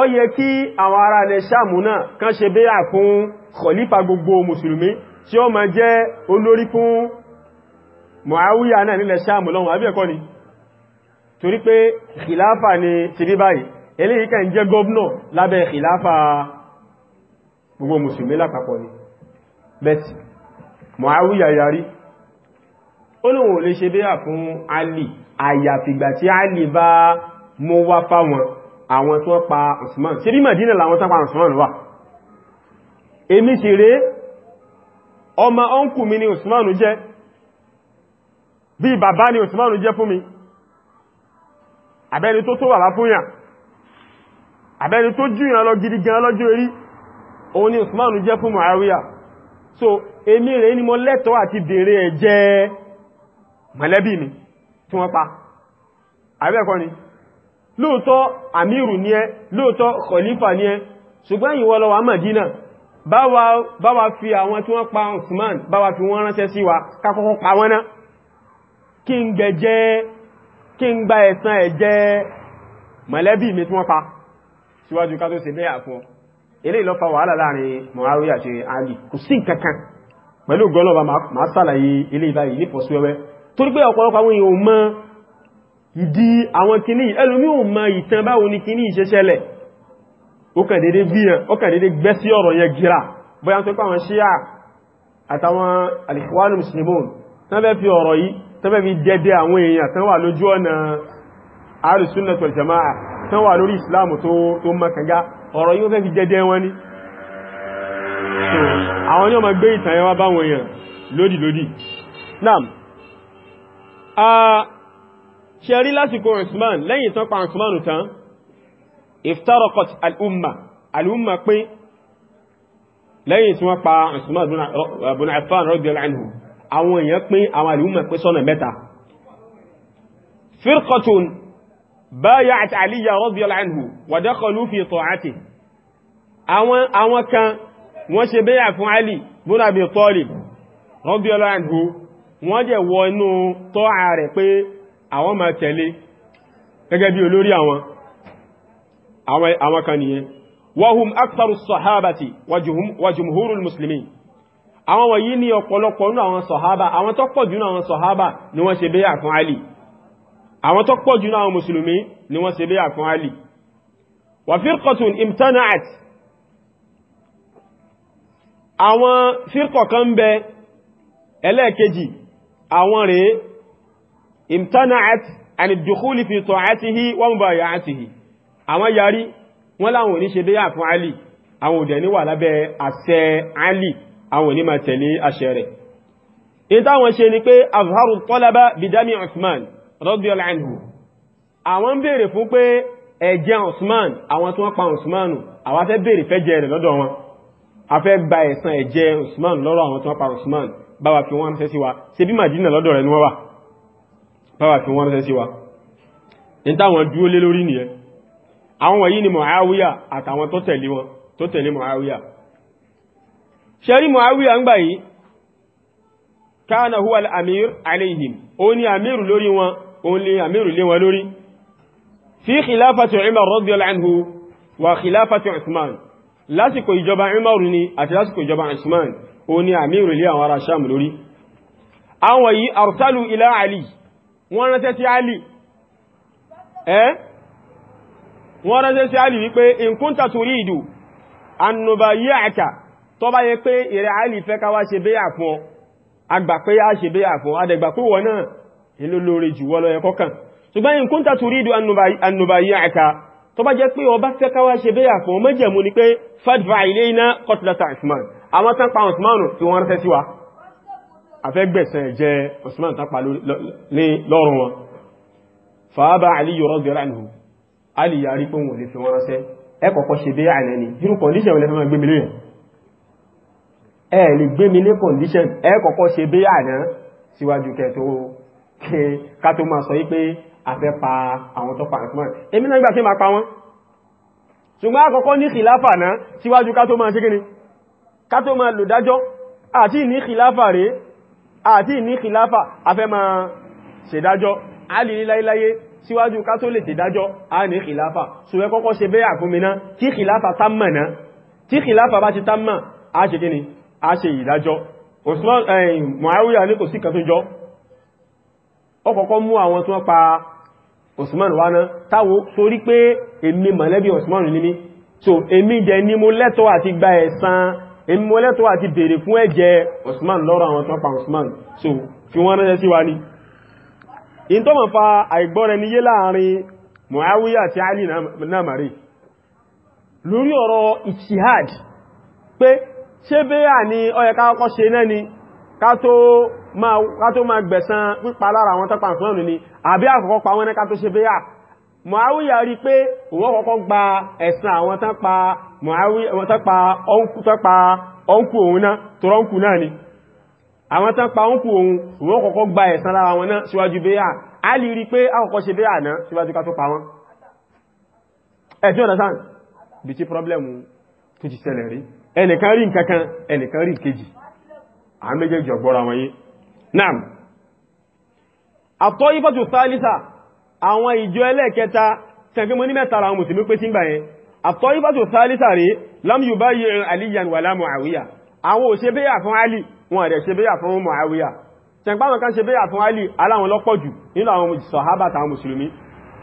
ó yẹ kí àwọn ará ilẹ̀ Sham náà kan ṣe bẹ́yà Muawiya náà nílẹ̀ sáàmù lọ́wọ́ àbí ẹ̀kọ́ ni torí pé khilafa ni ti rí báyìí eléyìí kan jẹ́ gọ́ọ̀nà lábẹ́ khilafa gbogbo musulmi lápapọ̀ ni bẹ́tì Muawiya yarí ó lè ṣe bẹ́yà Ali àyàfìgbà tí Ali bá mú wá pa Usman ṣe rí Madina làwọn pa Usman wà èmi sì rèé ọmọ ọ́nkù ni Usman jẹ́ bí bàbá ni òsìmánu jẹ́ fún mi àbẹ́ni tó tó bàbá fún yàn àbẹ́ni tó jùyàn lọ gidi gan lọ́jọ́ orí òun ni òsìmánu jẹ́ fún Muawiya so èmi rẹ̀ ni mo lẹ́tọ̀ọ́ àti bèèrè ẹ̀jẹ́ mọ̀lẹ́bí mi tí wọ́n pa àbẹ́ẹ̀kọ́ ni lóòótọ́ àmírù ni ẹ lóòótọ́ khalifa ni ẹ ṣùgbọ́n ìwọ ló wà Madina báwa báwa fi àwọn tí wọ́n pa Usman báwa fi wọ́n ránṣẹ́ sí wa ká pa wọ́n náà kí ń gbẹ̀jẹ́ kí ń gba ẹ̀san ẹ̀jẹ́ mọ̀lẹ́bí mi tí wọ́n pa síwájú ká tó ṣe bẹ́yà fún eléyìí ló fa wàhálà láàrin Muawiya àti Ali kò sí nǹkankan pẹ̀lú gọ́lọ́ba máa sàlàyé eléyìí báyìí ní pọ̀síwẹ́wẹ́ torí pé ọ̀pọ̀lọpọ̀ àwọn èèyàn mọ ìdí àwọn kìíní ẹlòmí ò mọ ìtàn báwo ni tọ́bẹ̀ fi dẹ́dẹ́ àwọn èèyàn tán wà lójú ọ̀nà alùsùnà wal jama'a tán wà lórí ìsìláàmù tó mọ́kànjá ọ̀rọ̀ yíó fẹ́ fi dẹ́dẹ́ wọn ní àwọn yóò ma gbé ìtàn yẹn wá bá èèyàn lódì lódì naam a ṣẹ̀rí lásìkò Usman lẹ́yìn tán pa Usman tán lẹ́yìn tí wọ́n pa Usman bin Affan radiyallahu àwọn èèyàn pín àwọn àlùmọ̀ pín sọ́nà mẹ́ta firqatun bayat aliya radiyallahu anhu wa dakhalu fi ta'atihi àwọn àwọn kan wọ́n ṣe bẹ́yà fún ali ibn abi talib radiyallahu anhu wọ́n jẹ́ wọ inú tọ́à rẹ̀ pé àwọn máa tẹ̀lé gẹ́gẹ́ bí olórí àwọn àwọn kan àwọn wọ̀nyí ní ọ̀pọ̀lọpọ̀ nínú àwọn sọ̀hábà àwọn tó pọ̀ jù nínú àwọn sọ̀hábà ni wọ́n ṣe béyà fún Àlì àwọn tó pọ̀ jù nínú àwọn mùsùlùmí ni wọ́n ṣe béyà fún Àlì wà fírkọ̀tún imtana'at àwọn fírkọ̀ kan bẹ ẹlẹ́ẹ̀kejì àwọn rẹ̀ imtana'at àni dùkúlì àwọn ní máa tẹ̀lé àṣẹ rẹ̀ in táwọn ṣe ni pé azharu tọ́lábá bidami Osman. radiyallahu anhu àwọn ń bèèrè fún pé ẹ̀jẹ̀ usman àwọn tí wọ́n pa usman àwọn afẹ́ bèèrè fẹ́ jẹ rẹ̀ lọ́dọ̀ wọn afẹ́ gba àwọn wa ṣe bí màdínà lọ́dọ̀ rẹ̀ ni wọ́n wa in táwọn dúó lé wọ̀nyí ni Muawiya àtàwọn tó tẹ̀lé wọn tó tẹ̀lé Muawiya ṣẹ́rí muawiya ń gbà yìí káàna huwa al'amir alayhim o ni amiru lórí wọn o ni amiru lé wọn lórí fi khilafatu umar radiyallahu anhu wa khilafatu usman lásìkò ìjọba umar ni àti lásìkò ìjọba usman o ni amiru lé àwọn ará sham lórí àwọn yìí arsalu ila ali wọ́n ránṣẹ́ sí ali eh wọ́n ránṣẹ́ sí ali wípé in kunta turidu an nubayya'aka tó bá yẹ pé ìrẹ àìlì fẹ́ ká wá ṣe béyà fún ọ agbà pé a ṣe béyà fún adẹ̀gbà pé wọ́n náà èlò lóore jù wọ́n lọ́yẹ kọ́kàn ṣùgbọ́n in kunta turidu annubayi'aka tó bá jẹ́ pé ọba fẹ́ ká wá ṣe béyà fún májẹ̀mú ni pé fadfa ilayna qatlata Usman àwọn tán Ali yàrí pé wọ́n lè fi wọ́n ránṣẹ́ ẹ kọ́kọ́ ṣe béyà nẹni irú kọ̀ndíṣẹ̀ ẹ lè gbé mi ní condition ẹ kọ́kọ́ ṣe bí àná síwájú kẹtò ká tó máa sọ yí pé a fẹ́ pa àwọn tó pa àkùnmọ́ èmi náà gbà kí máa pa wọ́n ṣùgbọ́n àkọ́kọ́ ní kìláfà náà síwájú ká tó máa ṣe kíni ká tó máa lò dájọ́ àti ní kìláfà rèé àti ní kìláfà a fẹ́ máa ṣèdájọ́ a lè ní láíláyé síwájú ká tó lè ṣèdájọ́ a ní kìláfà ṣùgbọ́n kọ́kọ́ ṣe bẹ́ẹ̀ àkúnmi náà tí kìláfà tá mọ̀ náà tí kìláfà bá ti tá mọ̀ a ṣe kíni a ṣe ìdájọ́ eh, Muawiya ní kò sí kan tó jọ ó mú àwọn tí wọ́n pa Usman wá náà táwọn sórí pé èmi mọ̀lẹ́bí Usman ní mi so èmi jẹ ní mo lẹ́tọ́ àti gba ẹ̀san èmi mo lẹ́tọ́ àti béèrè fún ẹ̀jẹ̀ Usman pa Usman so fi wọ́n rẹ́ sí wa ní in tó mọ̀ fa àìgbọ́rẹ Ali náà mari lórí ọ̀rọ̀ ìtìhad ṣé bẹ́yà ni ọyẹ káàkọ́ ṣe náà ni ká tó máa gbẹ̀san pípa lára àwọn tọ́pàá ìsìláàmù ni àbí àkọ́kọ́ pa wọn ká tó ṣe bẹ́yà Muawiya rí pé òun kọ́kọ́ gba ẹ̀san àwọn tọ́pa ọ̀nkù òun náà tọrọ ọ̀nkù náà ni àwọn tọ́pa ọ̀nkù òun òun kọ́kọ́ gba ẹ̀san lára wọn náà síwájú bẹ́yà a lè rí pé àkọ́kọ́ ṣe bẹ́yà náà síwájú ká tó pa wọn ẹ̀tí ọ̀dá sáà bí tí problem tó ti ṣẹlẹ̀ rí ẹnìkan rí nkankan ẹnìkan rí kejì àwọn méjèèjì ọgbọ́ra wọn yé naam àtọ́ ifọ́tù sáàlìsà àwọn ìjọ ẹlẹ́ẹ̀kẹta tẹ̀gbẹ́mọ́ ní mẹ́ta ara mùsùlùmí pé tí ń bà yẹn àtọ́ ifọ́tù sáàlìsà rí lámù bá yẹ aliyan wà lámù àwíyà àwọn ò ṣe bẹ́yà fún alì wọn àdẹ̀ ṣe bẹ́yà fún mọ̀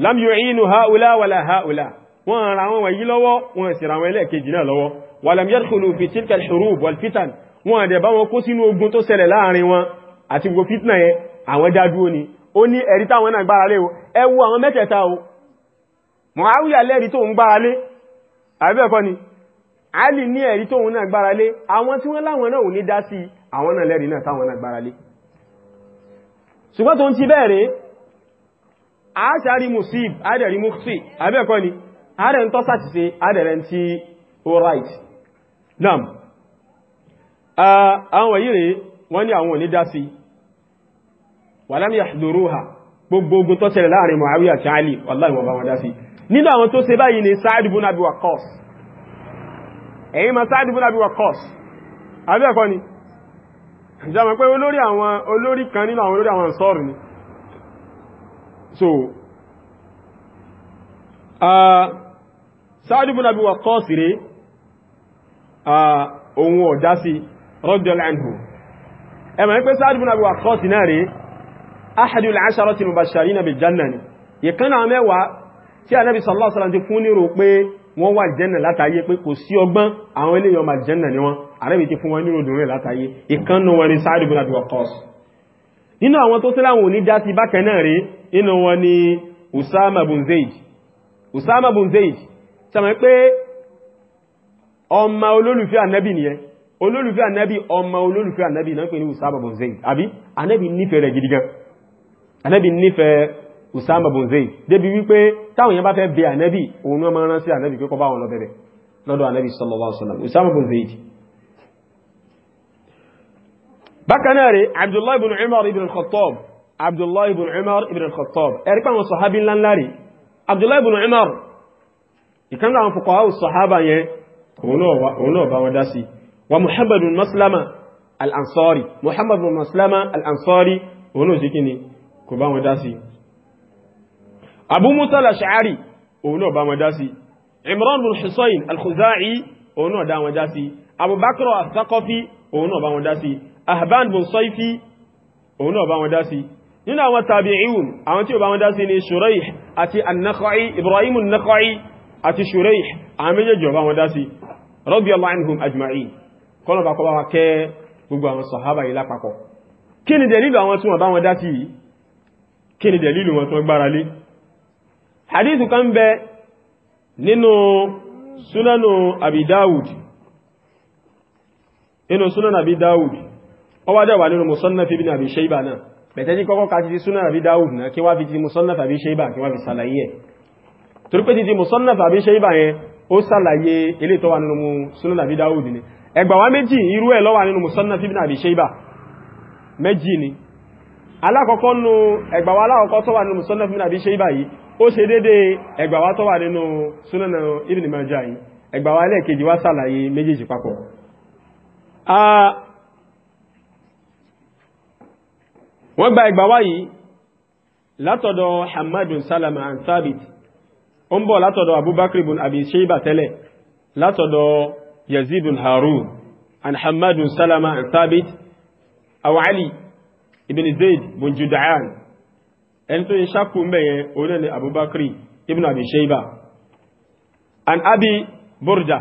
lam yu'inu haula wala haula wọ́n ra wọn wọ̀nyí lọ́wọ́ wọ́n sì ra wọn ẹlẹ́ẹ̀kejì náà lọ́wọ́ walam yadkhulu fi tilka al-hurub wal fitan wọ́n dẹ̀ bá wọn kó sínú ogun tó ṣẹlẹ̀ láàrin wọn àti gbogbo fitna yẹn àwọn jádúó ni ó ní ẹ̀rí táwọn náà gbára lé o ẹ wo àwọn mẹ́tẹ̀ẹ̀ta o Muawiya lẹ́rí tó ń gbára lé àbẹ́ẹ̀kọ́ ni Ali ní ẹ̀rí tó ń náà gbára lé àwọn tí wọ́n láwọn náà ò ní dá sí àwọn náà lẹ́rí náà táwọn náà gbára lé ṣùgbọ́n tó ń ti bẹ́ẹ̀ àṣàrí musib àdẹ̀rí mufti abẹ́ẹ̀kọ́ ni àdẹ̀ ń tọ́ sàṣìṣe àdẹ̀rẹ̀ tí ó right nam àwọn wọ̀nyí rẹ̀ wọ́n ní àwọn onídásí walam yahduruha gbogbo ogun tó ṣẹlẹ̀ láàrin Muawiya àti Ali wallahi wọ́n bá wọn dásí nínú àwọn tó ṣe báyìí ni Sa'd ibn Abi Waqqas èyí ma Sa'd ibn Abi Waqqas abẹ́ẹ̀kọ́ ni ìjọba pé olórí kan nínú àwọn olórí àwọn sọ́ọ̀rù ni so uh, Sa'adu bin Abi Waqqas rẹ̀ ohun uh, ọ̀dá sí radiyallahu anhu ẹmọ̀ ní pé Sa'adu bin Abi Waqqas náà rẹ̀ ahadul asharati mubashirina bil janna ni ìkánà mẹ́wàá tí Ànábì sallallahu alaihi wasallam ti fún ní rò pé wọ́n wà janna látàyé pé kò sí ọgbọ́n àwọn eléyàn ma janna ni wọ́n Ànábì ti fún wọn ní ròdùn rẹ̀ látàyé ìkánà wọn ni dá sí bákẹ̀ náà rèé inú wọn ni Usama bin Zaid Usama bin Zaid sàmì pé ọmọ olólùfẹ́ ànábì nìyẹn olólùfẹ́ ànábì ọmọ olólùfẹ́ ànábì náà pè ní Usama bin Zaid àbí ànábì nífẹ̀ẹ́ rẹ̀ gidigan ànábì nífẹ̀ẹ́ Usama bin Zaid débi wípé táwọn yẹn bá fẹ́ bẹ ànábì òun náà máa rán sí ànábì pé bá wọn lọ bẹ̀bẹ̀ lọ́dọ̀ ànábì sallallahu alaihi wasallam Usama bin Zaid bákan náà rẹ̀ Abdullahi Umar ibn khattab abdullahi ibn umar ibn al-khattab ẹ̀rí pàwọn sọ̀hábí ńlá ńlá rí abdullahi ibn umar ìkan láwọn fòkọ̀ àwọn sọ̀hábà yẹn òun náà bá wọn dá sí wa muhammadu maslama al-ansari muhammadu maslama al-ansari òun náà jíkí ni kò bá wọn dá sí abu musa al-ash'ari òun náà bá wọn dá sí imran bin husayn al-khuza'i òun náà dá wọn dá sí abubakar al-thaqafi òun náà bá wọn dá sí ahban bin sayfi òun náà bá wọn dá sí nínú àwọn tabi'un àwọn tí ó bá wọn dá sí ni Shuraih àti an-Nakhai Ibrahim an-Nakhai àti Shuraih àwọn méjèèjì ó bá wọn dá sí radiyallahu anhum ajma'in kọ́nà bá kọba wa kẹ́ gbogbo àwọn sàhábà yìí lápapọ̀ kí ni dẹ̀lílù àwọn tí wọ́n bá wọn dá sí yìí kí ni dẹ̀lílù wọn bẹ̀tẹ́jì kọ́kọ́ ka ti súnà àbí dáwùd náà kí wá fi ti musannaf àbí ṣeibà kí wá fi sàlàyé ẹ̀ torí pé ti ti musannaf àbí ṣeibà yẹn ó sàlàyé ilé tó nínú súnà àbí dáwùd ni ẹgbà wá méjì irú ẹ̀ ló wà nínú musannaf ibn ni alákọ̀ọ́kọ́ nù ẹgbà wá alákọ̀ọ́kọ́ tó wà nínú musannaf ibn àbí ṣeibà yìí ó ṣe dédé ẹgbà wá tó wà nínú súnà ibn majah yìí ẹgbà wá ẹlẹ́ẹ̀kejì wá wọ́n gba ìgbà wáyìí látọ̀dọ̀ hamadun salama an sabit ó ń bọ̀ látọ̀dọ̀ abubakar ibn abi shayba tẹ́lẹ̀ látọ̀dọ̀ yazid ibn harun an hamadun salama an sabit aw ali ibn zayd ibn judayan ẹni tó yẹ ṣàkó mẹ́yẹn orílẹ̀ ni abubakar ibn abi shayba an abi burda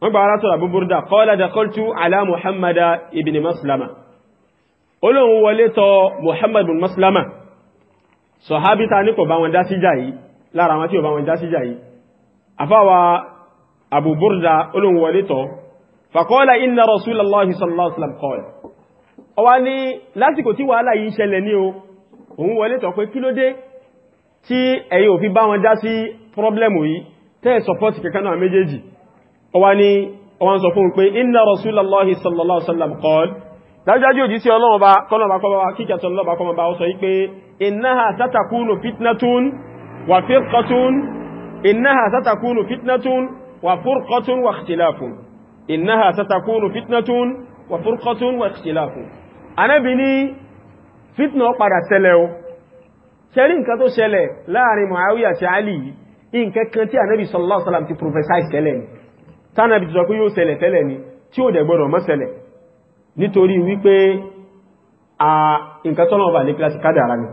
wọ́n gba látọ̀dọ̀ abu burda olóhun wọlé tọ Muhammad bin Maslama sọ̀hábí ta ní kò bá wọn dá síjà yìí lára wọn tí ò bá wọn dá síjà yìí afáwa Abu Burda olóhun wọlé tọ faqala inna Rasulullahi sallallahu alaihi wasallam qala ó lásìkò tí wàhálà yìí ṣẹlẹ̀ sọ fún pé inna Rasulullahi sallallahu alaihi wasallam qala dájúdájú òjí sí ọlọ́ọ̀bá kọlọ̀bá kọlọ̀bá kíkẹtọ̀ lọ́bá kọlọ̀bá ó sọ wípé ináhà sátakúnù fitnatún wà fírkọtún ináhà sátakúnù fitnatún wà fúrkọtún wà ṣìláfún ináhà sátakúnù fitnatún wà fúrkọtún wà ṣìláfún anábi ní fitna padà ṣẹlẹ̀ o ṣẹlẹ̀ nǹkan tó ṣẹlẹ̀ láàrin Muawiya àti Ali nǹkan kan tí anábi sallallahu alaihi wasallam ti prophesy ṣẹlẹ̀ ni tánàbì ti sọ pé yóò ṣẹlẹ̀ tẹ́lẹ̀ ni tí ó dẹ̀ gbọ́dọ̀ mọ́ ṣẹlẹ̀ nítorí wípé a nǹkan tọ́nà ọba ní kílásì kádà ara ni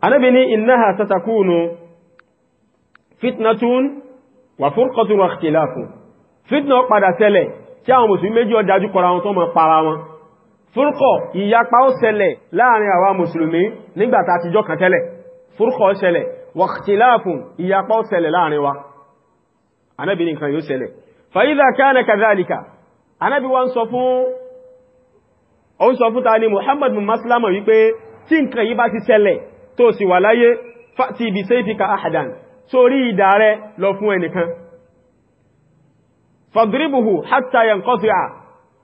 anábi ní innaha satakunu fitnatun wà furqatun wà ikhtilafun fitna padà ṣẹlẹ̀ tí àwọn mùsùlùmí méjì ó dájú kọra wọn tó mọ̀ para wọn fúrkọ̀ ìyapa ó ṣẹlẹ̀ láàrin àwa mùsùlùmí nígbàtà àtijọ́ kan tẹ́lẹ̀ fúrkọ̀ ó ṣẹlẹ̀ wà ikhtilafun ìyapa ó ṣẹlẹ̀ láàrin wa anábi nìkan yóò ṣẹlẹ̀ fa idha kana kadhalika anábi wá ń sọ fún ó ń sọ fún ta ni Muhammad bin Maslama wípé tí nǹkan yí bá ti ṣẹlẹ̀ tó sì wà láyé fàtí ibi sayfika ahadan sórí ìdá rẹ lọ fún ẹnìkan fadribuhu hatta yanqati'a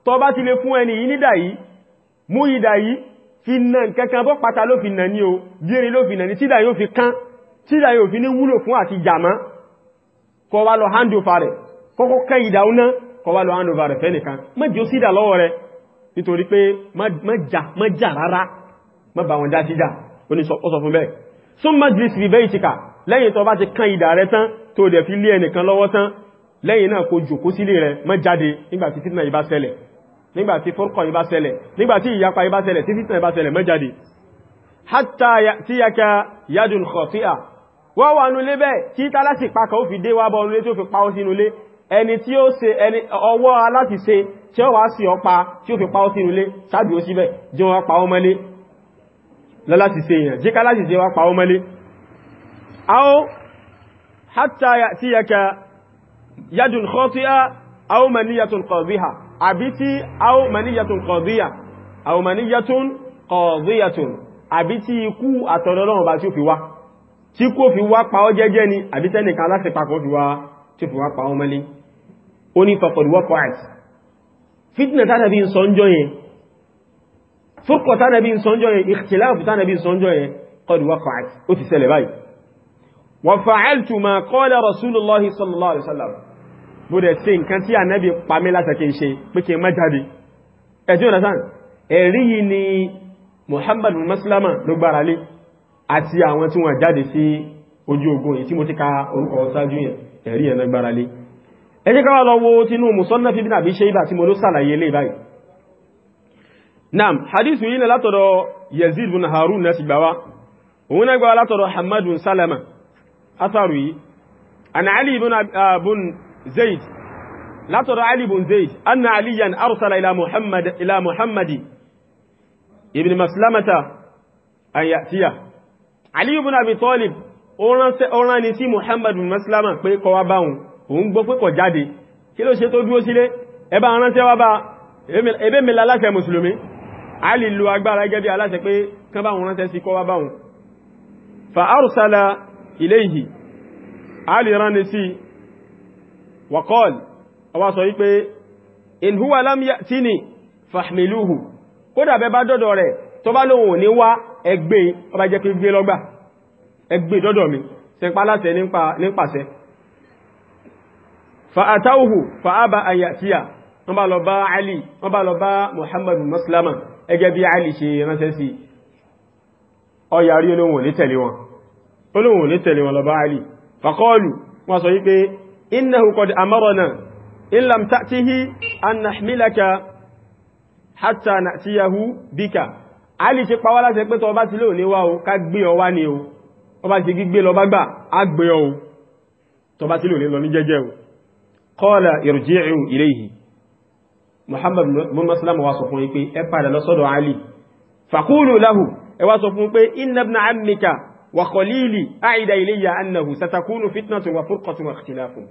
tó bá ti lè fún ẹni yìí nídà yìí mú ìdà yìí fi nà kankan bọ́ pátá ló fi nà ní o díẹ̀rí ló fi nà ní tídà yóò fi kán tídà yóò fi ní wúlò fún àti jàmá kọ wá lọ handover rẹ̀ kọ́kọ́ kẹ́ ìdà ó ná kọ wá lọ rẹ̀ fẹ́nìkan mẹ́jì sídà lọ́wọ́ rẹ̀ nítorí pé má jà rárá má bá wọn já jíjà ó ní sọ fún bẹ́ẹ̀ sún majlis fi bẹ́ ìtìkà lẹ́yìn tó bá ti kán ìdà rẹ tán tó dẹ̀ fi lé ẹnìkan lọ́wọ́ tán lẹ́yìn náà kó jòkó sílé rẹ má jáde nígbàtí fitna ìbá ṣẹlẹ̀ hatta tí yaka yadun khati'a wọ́n wà nulé bẹ́ẹ̀ tí tálásì pakà ó fi dé wá bọ́ nulé tó ẹni tí ó ṣe ẹni ọwọ́ aláti ṣe tí ó wá sí ọpa tí ó fi pa ó sínú ilé sáàbì ó síbẹ̀ jẹ́ wọ́n pa ó mọ́lé lọ́láti ṣe èèyàn jíká láti jẹ́ wọ́n pa ó mọ́lé aó hátà tí yẹka yadùn kọ́tíá aó maniyatun kọ̀díhà àbí tí aó maniyatun kọ̀díhà aó maniyatun kọ̀díyàtun àbí tí ikú àtọ̀lọ́lọ́wọ̀n bá tí ó fi wá tí kó fi wá pa ó jẹ́jẹ́ ni àbí tẹ́nìkan aláṣẹ́pàkọ́ fi wá pa ó ó ní faqad waqa'at fitna tánàbí ń sọ́njọ́ yẹn fúrkọ̀ tánàbí ń sọ́njọ́ yẹn ikhtilaf tánàbí ń sọ́njọ́ yẹn qad waqa'at ó ti ṣẹlẹ̀ báyìí wa fa'altu ma qala rasulullahi sallallahu alaihi ojú ogun yìí tí mo ti ka orúkọ ṣáájú yẹn ẹ̀rí yẹn lé ẹ jẹ́ ká lọ wo tinú musannaf ibn abi shayba tí mo ló sàlàyé lè báyìí naam hadithu yìí látọ̀dọ̀ yazid bin harun na sì gbáwá òun náà gbáwá látọ̀dọ̀ hamad bin salama atharu yìí an ali bin ah, zaid látọ̀dọ̀ ali bin zaid anna aliyan arsala ila muhammadi ibn maslamata an ya'tiya ali bin abi talib ó ni sí muhammad maslama pé kó wá òun gbọ́ pé kò jáde kí ló ṣe tó dúró sílé ẹbá aránṣẹ́ wá bá ẹbẹ́ mi láláṣẹ mùsùlùmí a lè lo agbára gẹ́gẹ́ bí aláṣẹ pé kán bá wọn ránṣẹ́ sí kọ́ wá bá wọn fa arsala ilayhi a lè rán ní sí waqal ọwá sọ wípé in huwa fahmiluhu kódà bẹ bá dọ́dọ̀ rẹ̀ tó bá lóhun ní wá ẹgbẹ́ ọba e. jẹ́ pé gbé lọ́gbà ẹgbẹ́ e dọ́dọ̀ mi sẹ́pá láṣẹ nípasẹ̀ fa'atáwùhù fa'ába àyàtíyà wọ́n bá lọ bá Ali wọ́n bá lọ bá Muhammad Maslama ẹgẹ́ bí Ali ṣe ránṣẹ́ sí ọyàrí olóhun ní tẹ̀lé wọn olóhun ní tẹ̀lé wọn lọ bá Ali faqalu wọ́n sọ wípé innahu qad amarna in lam ta'tihi an nahmilaka hatta na'tiyahu bika Ali ti pawá láti pé tọba ti lóò níwá o ká gbé ọ wá ni o ọba ti gbígbé lọ bá gbà á gbé ọ o tọba ti lóò ní lọ ní jẹ́jẹ́ o qala irji'u ilayhi muhammad bin maslam wá sọ fún yí pé ẹ padà lọ sọ́dọ̀ ali faqulu lahu ẹ wá sọ fún pé inna ibn ammika wa khalili a'ida ilayya annahu satakunu fitnatun wa furqatun wa ikhtilafun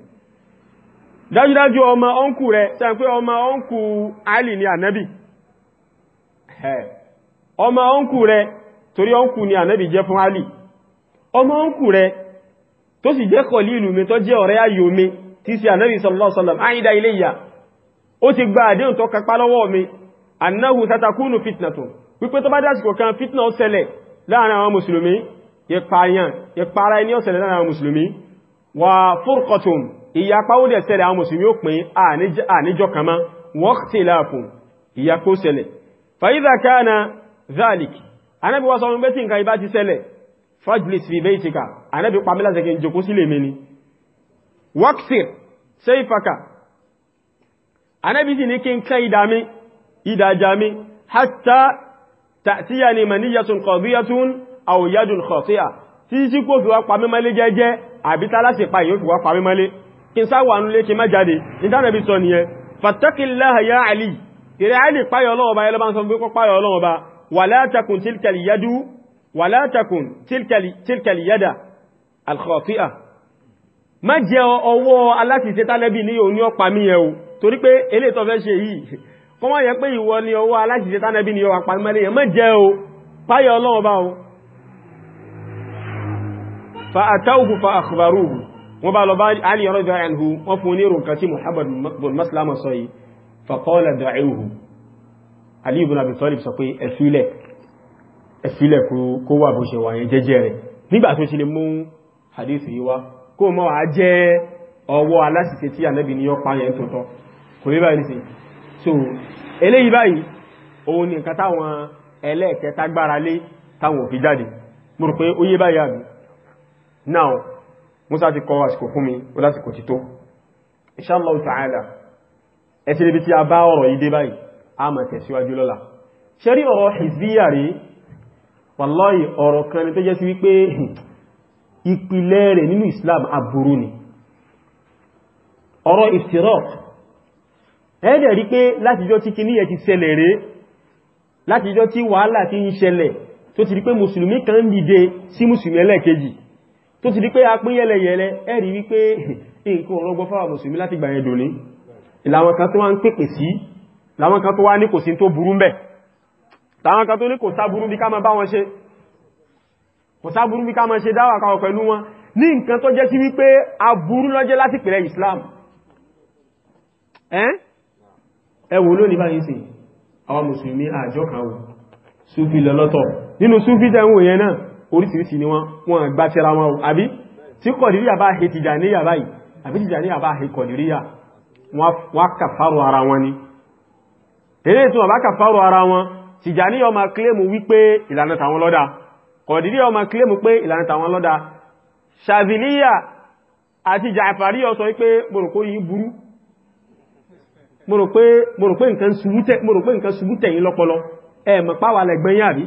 dájúdájú ọmọ ọ́nkù rẹ̀ sẹ́n pé ọmọ ọ́nkù alì ni ànẹ́bì ọmọ ọ́nkù rẹ̀ torí ọ́nkù ni ànẹ́bì jẹ́ fún alì ọmọ ọ́nkù rẹ̀ tó sì jẹ́ kọ̀lí mi tó jẹ́ ọ̀rẹ́ ayò mi tí sí ànábì sallallahu alaihi wasallam áyídá iléyà ó ti gba àdéhùn tó kápá lọ́wọ́ mi annahu satakunu fitnatun wípé tó bá dásìkò kan fitna ó ṣẹlẹ̀ láàrin àwọn mùsùlùmí ìpààyàn ìpara ẹni ó ṣẹlẹ̀ láàrin àwọn mùsùlùmí wà furqatun ìyapa ó dẹ̀ ṣẹlẹ̀ àwọn mùsùlùmí ó pín àníjọ kama waqtilafun ìyapa ó ṣẹlẹ̀ fa idha kana dhalik anábi wọ́n nǹkan ibá ti ṣẹlẹ̀ fajlis fi baytika anábi pamela zẹ̀kẹ́ ìjòkó sílẹ̀ mẹ́ni wakfir sayfaka Ànábì sì ní kí n kẹ́ ìdámi ìdájami hatta tàtíyà ni maniyatun qadiyatun aw yadun khati'a tí sí kó fi wá pa mímọ́lé jẹ́jẹ́ àbí tálásì pa yóò fi wá pa mímọ́lé kí n sáwà nulé kí má jáde ìdánàbí sọ nìyẹn fattaqillaha ya Ali ìrẹ́ Ali páyọ̀ ọlọ́ọba ẹlọ́bá ń sọ pé páyọ̀ ọlọ́ọba wala takun tilkal yadu wala takun tilkal yada al khati'a má jẹ ọwọ́ aláṣìṣẹ́ tánẹ́bì ní òun ní ọpa mí ẹ o torí pé eléyìí tó fẹ́ ṣe yìí kọ́ wọ́n yẹ pé ìwọ ni ọwọ́ aláṣìṣẹ́ tánẹ́bì ní ọpa mí ẹ má jẹ o páyọ ọlọ́run bá o fa àtàwùkù fa àkùbárùkù wọ́n bá lọ bá alì ọ̀rọ̀ jọ ẹ̀hù wọ́n fún ní ìrùn kan tí muhammad bin maslama sọ yìí fàkọ́ọ̀lẹ̀ dàíhù hadith yìí wá kó mọ́ wà jẹ́ ọwọ́ aláṣìṣẹ́ tí ànábì ní ọpa yẹn tó tọ́ kò rí báyìí sí so eléyìí báyìí òun ni nǹkan táwọn ẹlẹ́ẹ̀kẹta gbára lé táwọn òfin jáde mo pé ó yé báyìí àbí now musa ti kọ àsìkò fún mi ó lásìkò ti tó inshallah ta'ala ẹ ti rí bí tí a bá ọ̀rọ̀ yìí dé báyìí a máa tẹ̀síwájú lọ́la ṣe rí wallahi ọ̀rọ̀ kan ni tó jẹ́ sí wípé ìpìlẹ̀ rẹ̀ nínú Islam aburú ni ọ̀rọ̀ iftiraq ẹ̀ẹ́dẹ̀ rí pé látijọ́ tí kí níyẹ ti ṣẹlẹ̀ rẹ̀ látijọ́ tí wàhálà ti ń ṣẹlẹ̀ tó ti rí pé mùsùlùmí kan ń dìde sí mùsùlùmí ẹlẹ́ẹ̀kejì tó ti rí pé a pín yẹlẹyẹlẹ ẹ̀rí wípé [laughs] nǹkan ọ̀rọ̀gbọ́ fáwà mùsùlùmí láti gbà yẹn dòní ìlàwọn kan tó wá ń pèpè sí làwọn kan tó wá ní kò sí tó burú mbẹ̀ tàwọn kan tó ní kò sá burú bí ká máa bá wọn ṣe kò sáburú bí ká máa ṣe dáwà káwọn pẹ̀lú wọn ní nǹkan tó jẹ́ sí wípé aburú lọ́jẹ́ láti pẹ̀lẹ̀ Islam ẹwò lónìí báyìí sí àwọn mùsùlùmí àjọ kan wò súfì lọ́lọ́tọ̀ nínú súfì tẹ́wò yẹn náà oríṣiríṣi ni wọ́n wọ́n gbá tẹ́ra wọn o àbí tí kọ̀dìríyà bá he tìjàníyà báyìí àbí tìjàníyà bá he kọ̀dìríyà wọ́n kàfàrò ara wọn ni eré ìtumọ̀ bá kọ̀dìdí ọmọ kílèmù pé ìlànà tàwọn lọ́dá ṣàbìlíyà àti jàfàrí ọ̀sọ̀ wípé mòròpé yìí burú mòròpé nǹkan ṣubú tẹ̀yìn lọ́pọlọ ẹ̀mọ̀ páwà lẹ́gbẹ̀ẹ́ yà rí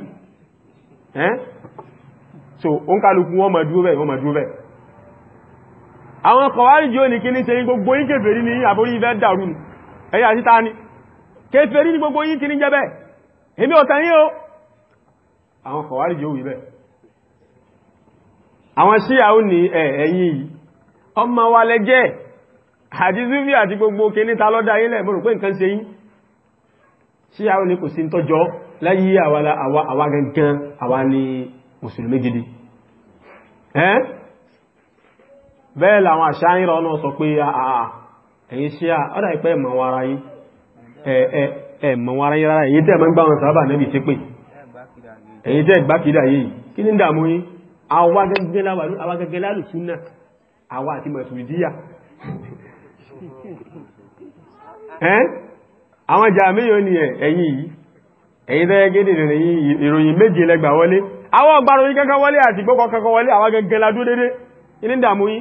so o ń kálukú wọ́n ma dúró bẹ́ẹ̀ wọ́n ma dúró bẹ́ẹ̀ àwọn kọ̀wárí jí ó ní kí ní ṣe ní gbogbo yín kèfèrí ní àbórí ìfẹ́ àwọn kọ̀wàrí yóò wí bẹ́ẹ̀ àwọn síyà ó ní ẹ̀yìn yìí ọmọ wa lẹ́jẹ́ àti zufi àti gbogbo kìíní ta lọ́dá ayélẹ̀ mọ́rùn pé nǹkan ṣe yí síyà ó ní kò sí tọ́jọ́ láyé àwa gangan àwa ní mùsùlùmí gidi bẹ́ẹ̀ ẹ̀mọ̀wara rárá èyí tẹ́ gbáwọn sábà níbi ẹ̀yin tẹ́ ìgbákidà yìí kí ní dàmú yí àwa gẹ́gẹ́ lálùsúnà àwa àti mọ̀sùlùdíyà [laughs] ẹ́n àwọn jàmíyàn ni ẹ̀yin yìí ẹ̀yin tẹ́ gẹ́gẹ́ ìròyìn méje lẹ́gbà wọlé àwọn ọgbàròyìn kankan wọlé àti gbọ́kọ̀ kankan wọlé àwa gẹ́gẹ́ ládú dédé kí ní dàmú yí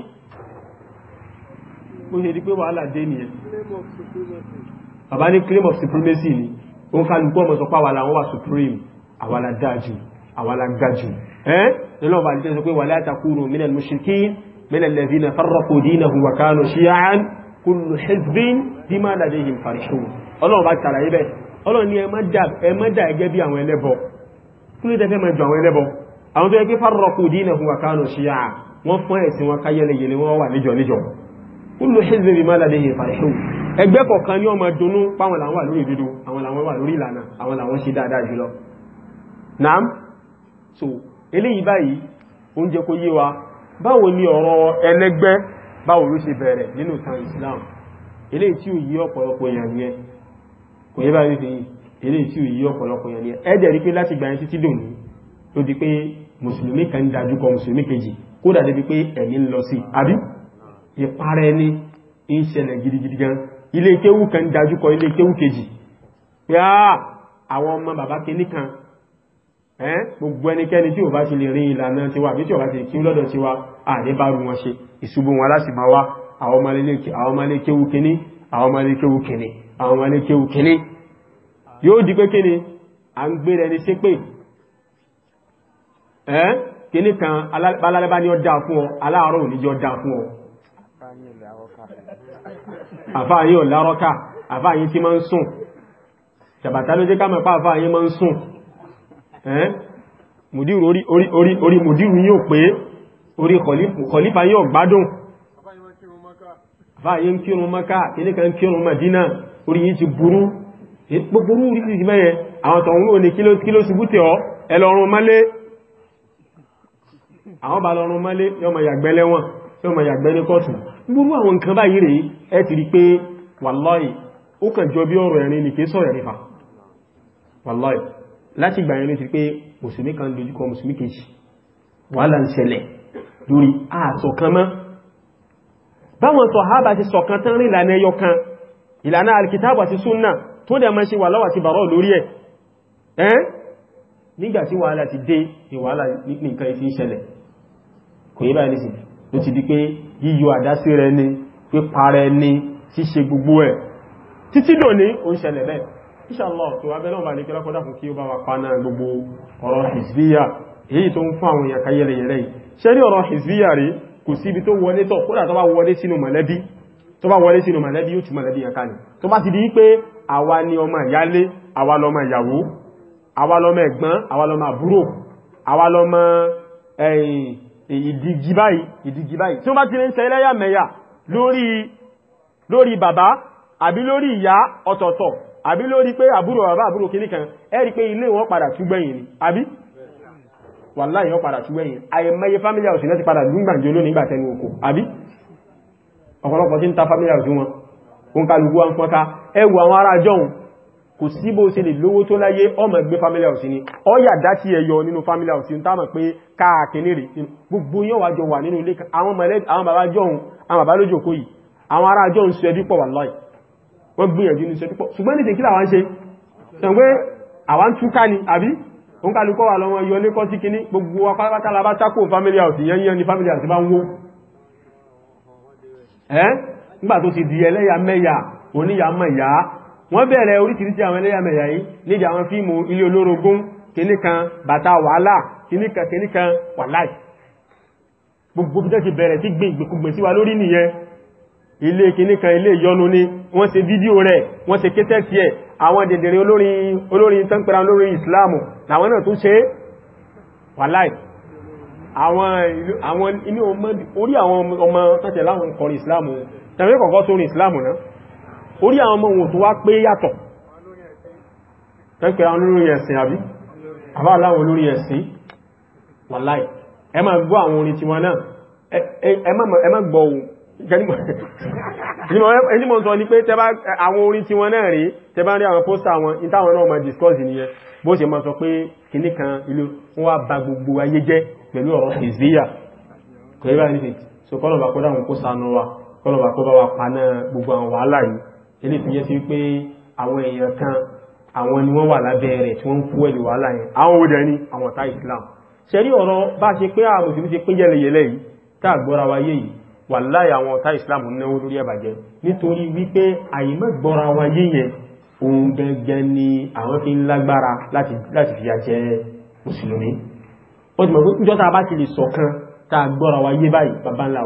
ó ṣe di pé wàhálà dé nìyẹn bàbá ní claim of supremacy ni ó kálukú ọmọ sọpá wà láwọn wà supreme àwa la dáa jù àwa la ga jù ẹ́n lọ́nà ọba àdìjẹ́ sọ pé wala takunu minal mushrikin minal ladhina farraqu dinahum wa kanu shi'an kullu hizbin bima ladayhim farihun ọlọ́run bá tààrà ibẹ̀ ọlọ́run ni ẹ má dà gẹ́gẹ́ bí àwọn ẹlẹ́bọ kí ló tẹ́fẹ́ máa jọ àwọn ẹlẹ́bọ àwọn tó yẹ pé farraqu dinahum wa kanu shi'a wọ́n fún ẹ̀sìn wọn káyẹlẹyẹ ni wọ́n wà níjọ níjọ kullu hizbin bima ladayhim farihun ẹgbẹ́ kọ̀ọ̀kan ni ó máa dunnú páwọn làwọn wà lórí dúdú àwọn làwọn wà lórí ìlànà àwọn làwọn ṣe dáadáa jùlọ naam so eléyìí báyìí oúnjẹ kó yé wa báwo ni ọ̀rọ̀ ẹlẹ́gbẹ́ báwo ló ṣe bẹ̀rẹ̀ nínú tan Islam eléyìí tí ò yí ọ̀pọ̀lọpọ̀ èèyàn yẹn kò yé báyìí fi eléyìí tí ò yí ọ̀pọ̀lọpọ̀ èèyàn yẹn ẹ̀jẹ̀ rí pé láti gbà yẹn títí dòní ló di pé mùsùlùmí kan dájú kọ mùsùlùmí kejì kódà débi pé ẹ̀mí ń lọ sí àbí ìparẹ́ ní ń ṣẹlẹ̀ gidigidi gan ilé kéwú kan dájú kọ ilé kéwú kejì pé àwọn ọmọ bàbá kìíní kan gbogbo ẹnikẹ́ni tí ò bá ti lè rí ìlànà tiwa àbí tí ò bá ti kí lọ́dọ̀ tiwa àdébárù wọn ṣe ìṣubú wọn láti máa wá àwọn ọmọlékéwu kìíní àwọn ọmọlékéwu kìíní àwọn ọmọlékéwu kìíní yóò di pé kíni à ń gbé rẹ ní sí pé ẹ́ kíní kan alálẹ́bá ní ọdá fún ọ aláàárọ̀ ò ní jọ dá fún ọ àfáàyí ò lárọ́kà àfáàyí tí máa ń sùn ṣàbàtà ló jẹ́ ká mọ̀ pá àfáàyí máa ń mùdírù orí orí orí orí mùdírù yóò pé orí kọlífà yóò gbádùn fáyé ń kírun maka kìníkà ń kírun madina orí yìí ti burú gbogbooru orí ti mẹ́yẹ àwọn tọ̀hún ní kíló ọ ẹlọrun mọ́lé àwọn bá yàgbẹ́ lẹ́wọ̀n yàgbẹ́ láti ìgbà yẹn ló ti pé mùsùlùmí kan dojúkọ mùsùlùmí kejì wàhálà ń ṣẹlẹ̀ lórí àṣọ̀kan mọ́ báwọn sọ̀hábà ti sọ̀kan tán rí ìlànà ẹyọ kan ìlànà alkitabu àti súnnà tó dẹ̀ mọ́ sí wà lọ́wà ti bàrọ̀ lórí ẹ̀ ẹ́n nígbàtí wàhálà ti dé ní wàhálà nìkan ìfi ń ṣẹlẹ̀ kò inshallah tó abẹ́lọ́wà ní kíra kọ́dá fún kí ó bá wà pàánà gbogbo ọ̀rọ̀ hizbiya èyí tó ń fún àwọn èèyàn káyẹ̀lẹ̀ yẹ̀rẹ̀ yìí ṣe rí ọ̀rọ̀ hizbiya rí kò sí ibi tó wọlé tọ̀ kódà tó bá wọlé sínú mọ̀lẹ́bí tó bá wọlé sínú mọ̀lẹ́bí yóò tú mọ̀lẹ́bí yẹn kalẹ̀ tó bá ti di pé àwa ni ọmọ ìyálé àwa lọmọ ìyàwó àwa lọmọ lórí bàbá àbí lórí ìyá ọ̀tọ̀ọ̀tọ̀ àbí lórí pé àbúrò bàbá àbúrò kìíní kan ẹ rí pé ilé wọn padà túgbẹ̀yìn ni àbí wàláhì wọn padà túgbẹ̀yìn àìmọye family house lẹ́ti padà gbígbàǹjẹ́ olóòní ìgbà tẹnu oko àbí ọ̀pọ̀lọpọ̀ tí ń ta family house wọn òun kálukú wa ń pọ́nká ẹwù àwọn ará jọun kò sí bó ṣe lè lówó tó láyé ọmọ ẹgbẹ́ family house ni ọyà dátí ẹyọ nínú family house ń táàmà sọ ẹbí pọ̀ wà lọ́yìn wọ́n gbìyànjú ní sẹ́dúpọ̀ ṣùgbọ́n nìtẹ̀ kí làwọn ṣe ṣàǹgbé àwọn túká ni àbí òǹkàlùkọ́ wà lọ́wọ́ yọ lẹ́kọ́ sí kíní gbogbo apátápátá labá tákò family house yẹnyẹn ni family house bá ń wó ẹ́ nígbà tó ti di ẹlẹ́yàmẹ́yà oníyàmẹ́yà wọ́n bẹ̀rẹ̀ oríṣiríṣi àwọn ẹlẹ́yàmẹ́yà yìí níjà àwọn fíìmù ilé olórogún kíní kan bàtà wàhálà kíní kan kíní kan wàláì gbogbo bí tẹ́ ti bẹ̀rẹ̀ tí gbìn ìgbèkúgbè sí wa lórí nìyẹn ilé kìníkan ilé ìyọnu ní wọ́n ṣe fídíò rẹ̀ wọ́n ṣe kéṣẹ́sì ẹ̀ àwọn dèdèrè olórin olórin olórin islamu làwọn náà tún ṣe wàláì àwọn inú orí àwọn ọmọ tọ́tẹ̀ láwọn kọrin islamu islamu náà orí àwọn ọmọ wọn tó wá pé yàtọ̀ tánpẹ̀rẹ̀ olórin ẹ̀sìn àbí àbá láwọn olórin ẹ̀sìn wàláì ẹ má gbọ́ àwọn orin tiwọn náà ẹ gbọ́ ẹni mọ̀ sọ ní pé tẹba àwọn orin tí wọ́n náà rí tẹba rí àwọn pósítà wọn ìtàwọn náà ma discuss nìyẹn bó ṣe mọ́ sọ pé kìní kan ilé wọ́n wá ba gbogbo ayé jẹ́ pẹ̀lú ọ̀rọ̀ ìzíyà kọ̀ẹ́bà ní so kọ́lọ̀bà kọ́dá wọn wa kọ́lọ̀bà kọ́ bá wa paná gbogbo àwọn wàhálà yìí ilé fi kan àwọn ni wọ́n wà lábẹ́ rẹ̀ tí wọ́n ń kú ẹ̀lú Islam ṣe rí ọ̀rọ̀ bá ṣe pé àwọn òṣèlú ṣe pín yẹlẹyẹlẹ wàláì àwọn ọ̀tá ìsìláàmù náwó lórí ẹ̀bàjẹ́ nítorí wípé àìmọ́ gbọ́ra wa yíyẹn ohun gẹ́gẹ́ ni àwọn fi ń lágbára láti fìyà jẹ mùsùlùmí ó ti mọ̀ pé níjọ́ tá a bá ti lè ṣọ̀kan tá gbọ́ra wa yé báyìí bàbá ńlá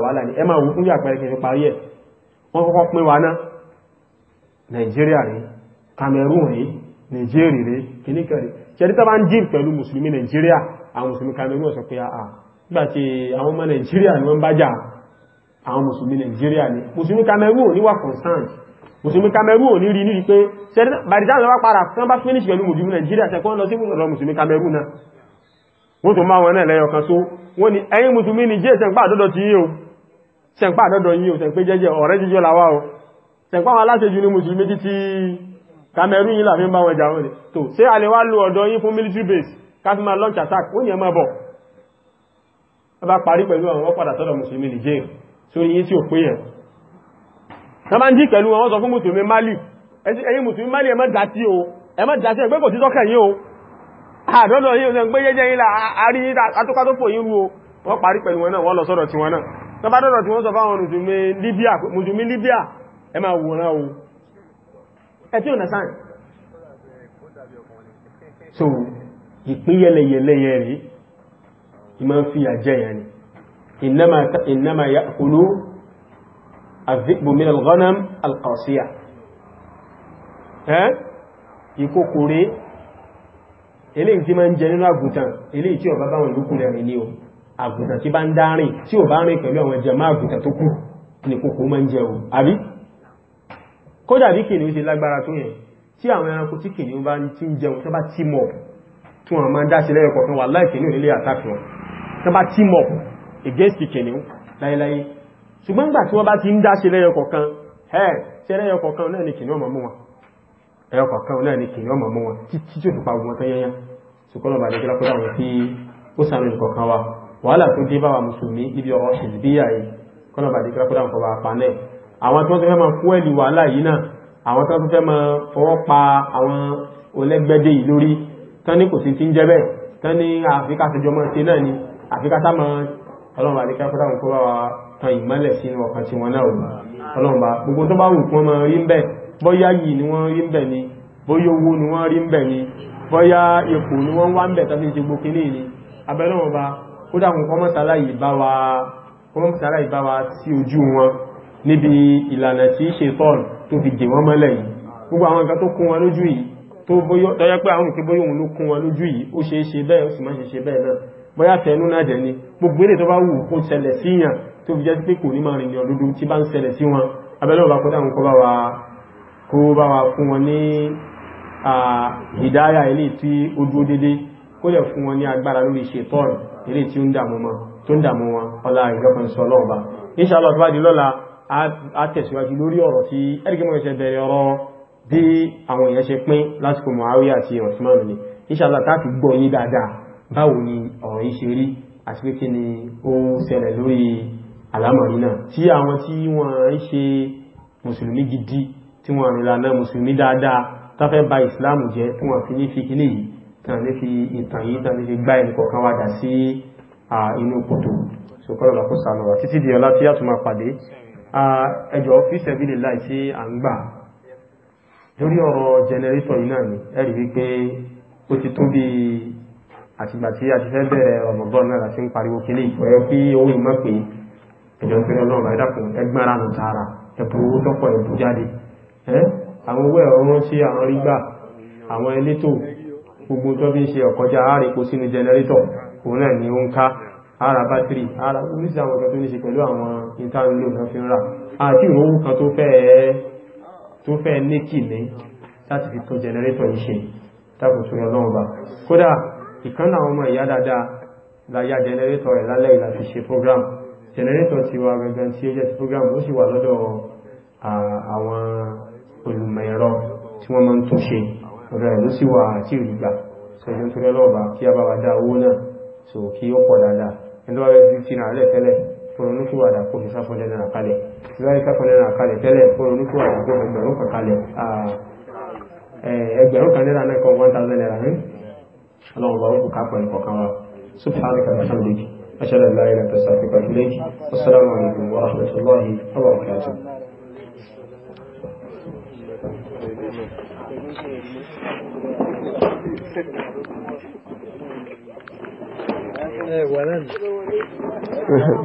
wàhálà ni Cameroon rí nàìjíríà rí kìníkẹ̀ rí ṣẹ́rí tó bá ń jíìm pẹ̀lú mùsùlùmí nàìjíríà àwọn mùsùlùmí Cameroon sọ pé àà nígbà ni wọ́n àwọn mùsùlùmí Nàìjíríà ni mùsùlùmí Cameroon ní wà concern mùsùlùmí Cameroon ní rí ní pé bàdìjáàmù lọ́wọ́ padà tán bá finish pẹ̀lú mùsùlùmí Nàìjíríà tẹ́kọ́ lọ sí mùsùlùmí Cameroon náà wọ́n tó máa wọn náà lẹ́yọ kan só wọ́n ni ẹ̀yin mùsùlùmí ní jẹ́ sẹ̀ǹpá àdọ́dọ̀ o sẹ̀ǹpá wọn aláṣẹ́jú ní mùsùlùmí ti ti Cameroon yìí láàfin bá wọn jà wọn tó ṣe a lè wá lo ọ̀dọ̀ yín fún military base káfí máa launch attack ó yẹn máa bọ̀ bá parí pẹ̀lú àwọn ọ̀pàdà sọ́dọ̀ mùsùlùmí Niger tí ó yí tí ò pé yẹn wọ́n bá ń jí pẹ̀lú wọn sọ fún mùsùlùmí mali ẹ̀yin mùsùlùmí mali ẹmọ́ dátí o ẹmọ́ dátí ẹgbẹ́ kò sí sọ́kẹ̀ yí o àdọ́dọ̀ yí o sẹ ń gbé jẹ́jẹ́ ilá àárí atókàtófò yí ru o wọ́n parí pẹ̀lú wọn náà wọ́n lọ sọ́dọ̀ tí wọn náà tó bá dọ́dọ̀ tí wọ́n sọ fáwọn mùsùlùmí Libya ẹ máa wòrán o ẹ tí ò nàṣán so ìpínyẹlẹyẹlẹyẹ rí ìmọ̀ fi àjẹyàn ni إنما إنما يأكل الذئب من الغنم القاسية ها ìkòkò rẹ̀ eléyìí tí máa ń jẹ nínú àgùntàn eléyìí tí ó bá bá wọn lókù rẹ̀ ní o àgùntàn tí bá ń dárìn tí ó bá rìn pẹ̀lú àwọn jàmá àgùntàn tó kù ní kòkò máa ń jẹ o àbí kódà bí kìnnìún ṣe lágbára tó yẹn tí àwọn ẹranko tí kìnnìún bá ti against kìnìún láíláí ṣùgbọ́n gbà tí wọ́n bá ti ń dáṣe lẹ́yọ kọ̀ọ̀kan ẹ̀ tí ẹlẹ́yọ kọ̀ọ̀kan náà ni kìnìún ọmọ mú wọn ẹyọ kọ̀ọ̀kan náà ni kìnìún ọmọ mú wọn títí tí ó fi pa ogun ọ̀tán yẹnyẹn wa wàhálà wa mùsùlùmí ibi ọ̀rọ̀ ìbíyà yìí kọ́nà ọba àdéjọ́lá kó dáwọn kọba àpá náà àwọn tí wọ́n fẹ́ máa kú ẹ̀lì wàhálà yìí náà àwọn tí wọ́n fẹ́ máa ṣe náà ni àfikásá máa ọlọ́run àdíká kọ́dá ń kó bá wa tan ìmọ́lẹ̀ sínú ọkàn tí wọ́n náà ọlọ́run bá gbogbo tó bá wù kí wọ́n máa rí ń bẹ̀ bóyá yìí ni wọ́n rí ń bẹ̀ ni bóyá owó ni wọ́n rí ń bẹ̀ ni bóyá ipò ni wọ́n wá ń bẹ̀ tàbí ti gbókè ni wa sí ojú wọn níbi ìlànà tí ṣetán tó fi dè wọ́n mọ́lẹ̀ yìí gbogbo àwọn nǹkan tó kún wọn lójú yìí tó bóyá tẹnu náà dẹ̀ ni gbogbo èdè tó bá wù kó ṣẹlẹ̀ síyàn tó fi jẹ́ pé kò ní máa rìnrìn òdodo tí bá ń ṣẹlẹ̀ sí wọn abẹ́lẹ́ kó bá wa kó wa fún wọn ní hidaya ilé tí ó dúró dédé kó dẹ̀ fún wọn ní agbára lórí ṣètọ́rọ̀ ilé tí ó ń dààmú wọn tó ń dààmú wọn ọlá di lọ́la a tẹ̀síwájú lórí ọ̀rọ̀ tí ẹ̀rìkímọ̀ ẹ̀ṣẹ̀ bẹ̀rẹ̀ ọ̀rọ̀ bí báwo ni ọ̀rọ̀ yìí ṣe rí àti pé kí ni ó ń ṣẹlẹ̀ lórí àlámọ̀rí náà tí àwọn tí wọ́n ń ṣe mùsùlùmí gidi tí wọ́n rìn lànà mùsùlùmí dáadáa táfẹ́ ba ìsìláàmù jẹ́ tí wọ́n fi ní fi kílé yìí tàn ní fi ìtàn yìí tàn ní fi gbá ẹnì kọ̀ọ̀kan wádà sí inú kòtò ṣòkọ́lọ̀ lọ́kọ́ sànúwà títí di ọlá tí yàtọ̀ máa pàdé ni ẹ̀rí wípé àtìgbà tí a ti fẹ́ bẹ̀rẹ̀ ọ̀mọ̀gbọ́n náà láti ń pariwo kílé ìfọ̀yọ́ kí owó ìmọ̀ pé ẹjọ́ pé ọlọ́run àìdàkùn ẹgbẹ́ra nù tààrà ẹ̀bùn owó tọ́pọ̀ ẹ̀bùn jáde àwọn owó ẹ̀rọ wọn sí àwọn rígbà àwọn elétò gbogbo tó fi ń ṣe ọ̀kọjá àárẹ̀kọ́ ni ó ń ká ara bátìrì ara oríṣi àwọn kan tó ní ṣe pẹ̀lú àwọn ìtànlò náà fi ìkan náà ọmọ ìyá dáadáa láyá jẹnẹrétọ̀ rẹ̀ lálẹ́ ìlà ti ṣe program jẹnẹrétọ̀ ti wà gangan tí ó jẹ́ ti program ó sì wà lọ́dọ̀ àwọn olùmọ̀ ẹ̀rọ tí wọ́n máa ń tún ṣe ọ̀rẹ́ ló sì wà àti ìrìgbà so kí ó pọ̀ dáadáa ẹni wá rẹ̀ fífí náà rẹ̀ tẹ́lẹ̀ fóronúkúwàdà kò fi sáfọ́lẹ́ náà kalẹ̀ ìwárí sáfọ́lẹ́ náà kalẹ̀ tẹ́lẹ̀ fóronúkúwàdà kò fi ẹgbẹ̀rún kan kalẹ̀ ẹgbẹ̀rún kan náà kan 1000 naira hmm? ọlọ́run bá kú kápọ̀ ẹ̀kọ́ kan wa subhanaka alhamdulilayi ashhadu an la ilaha illa anta astaghfiruka wa atubu ilayk assalamu alaikum wa rahmatullahi wa barakatuh Eh, guardan. [laughs]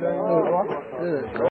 Bẹ́ẹ̀ni.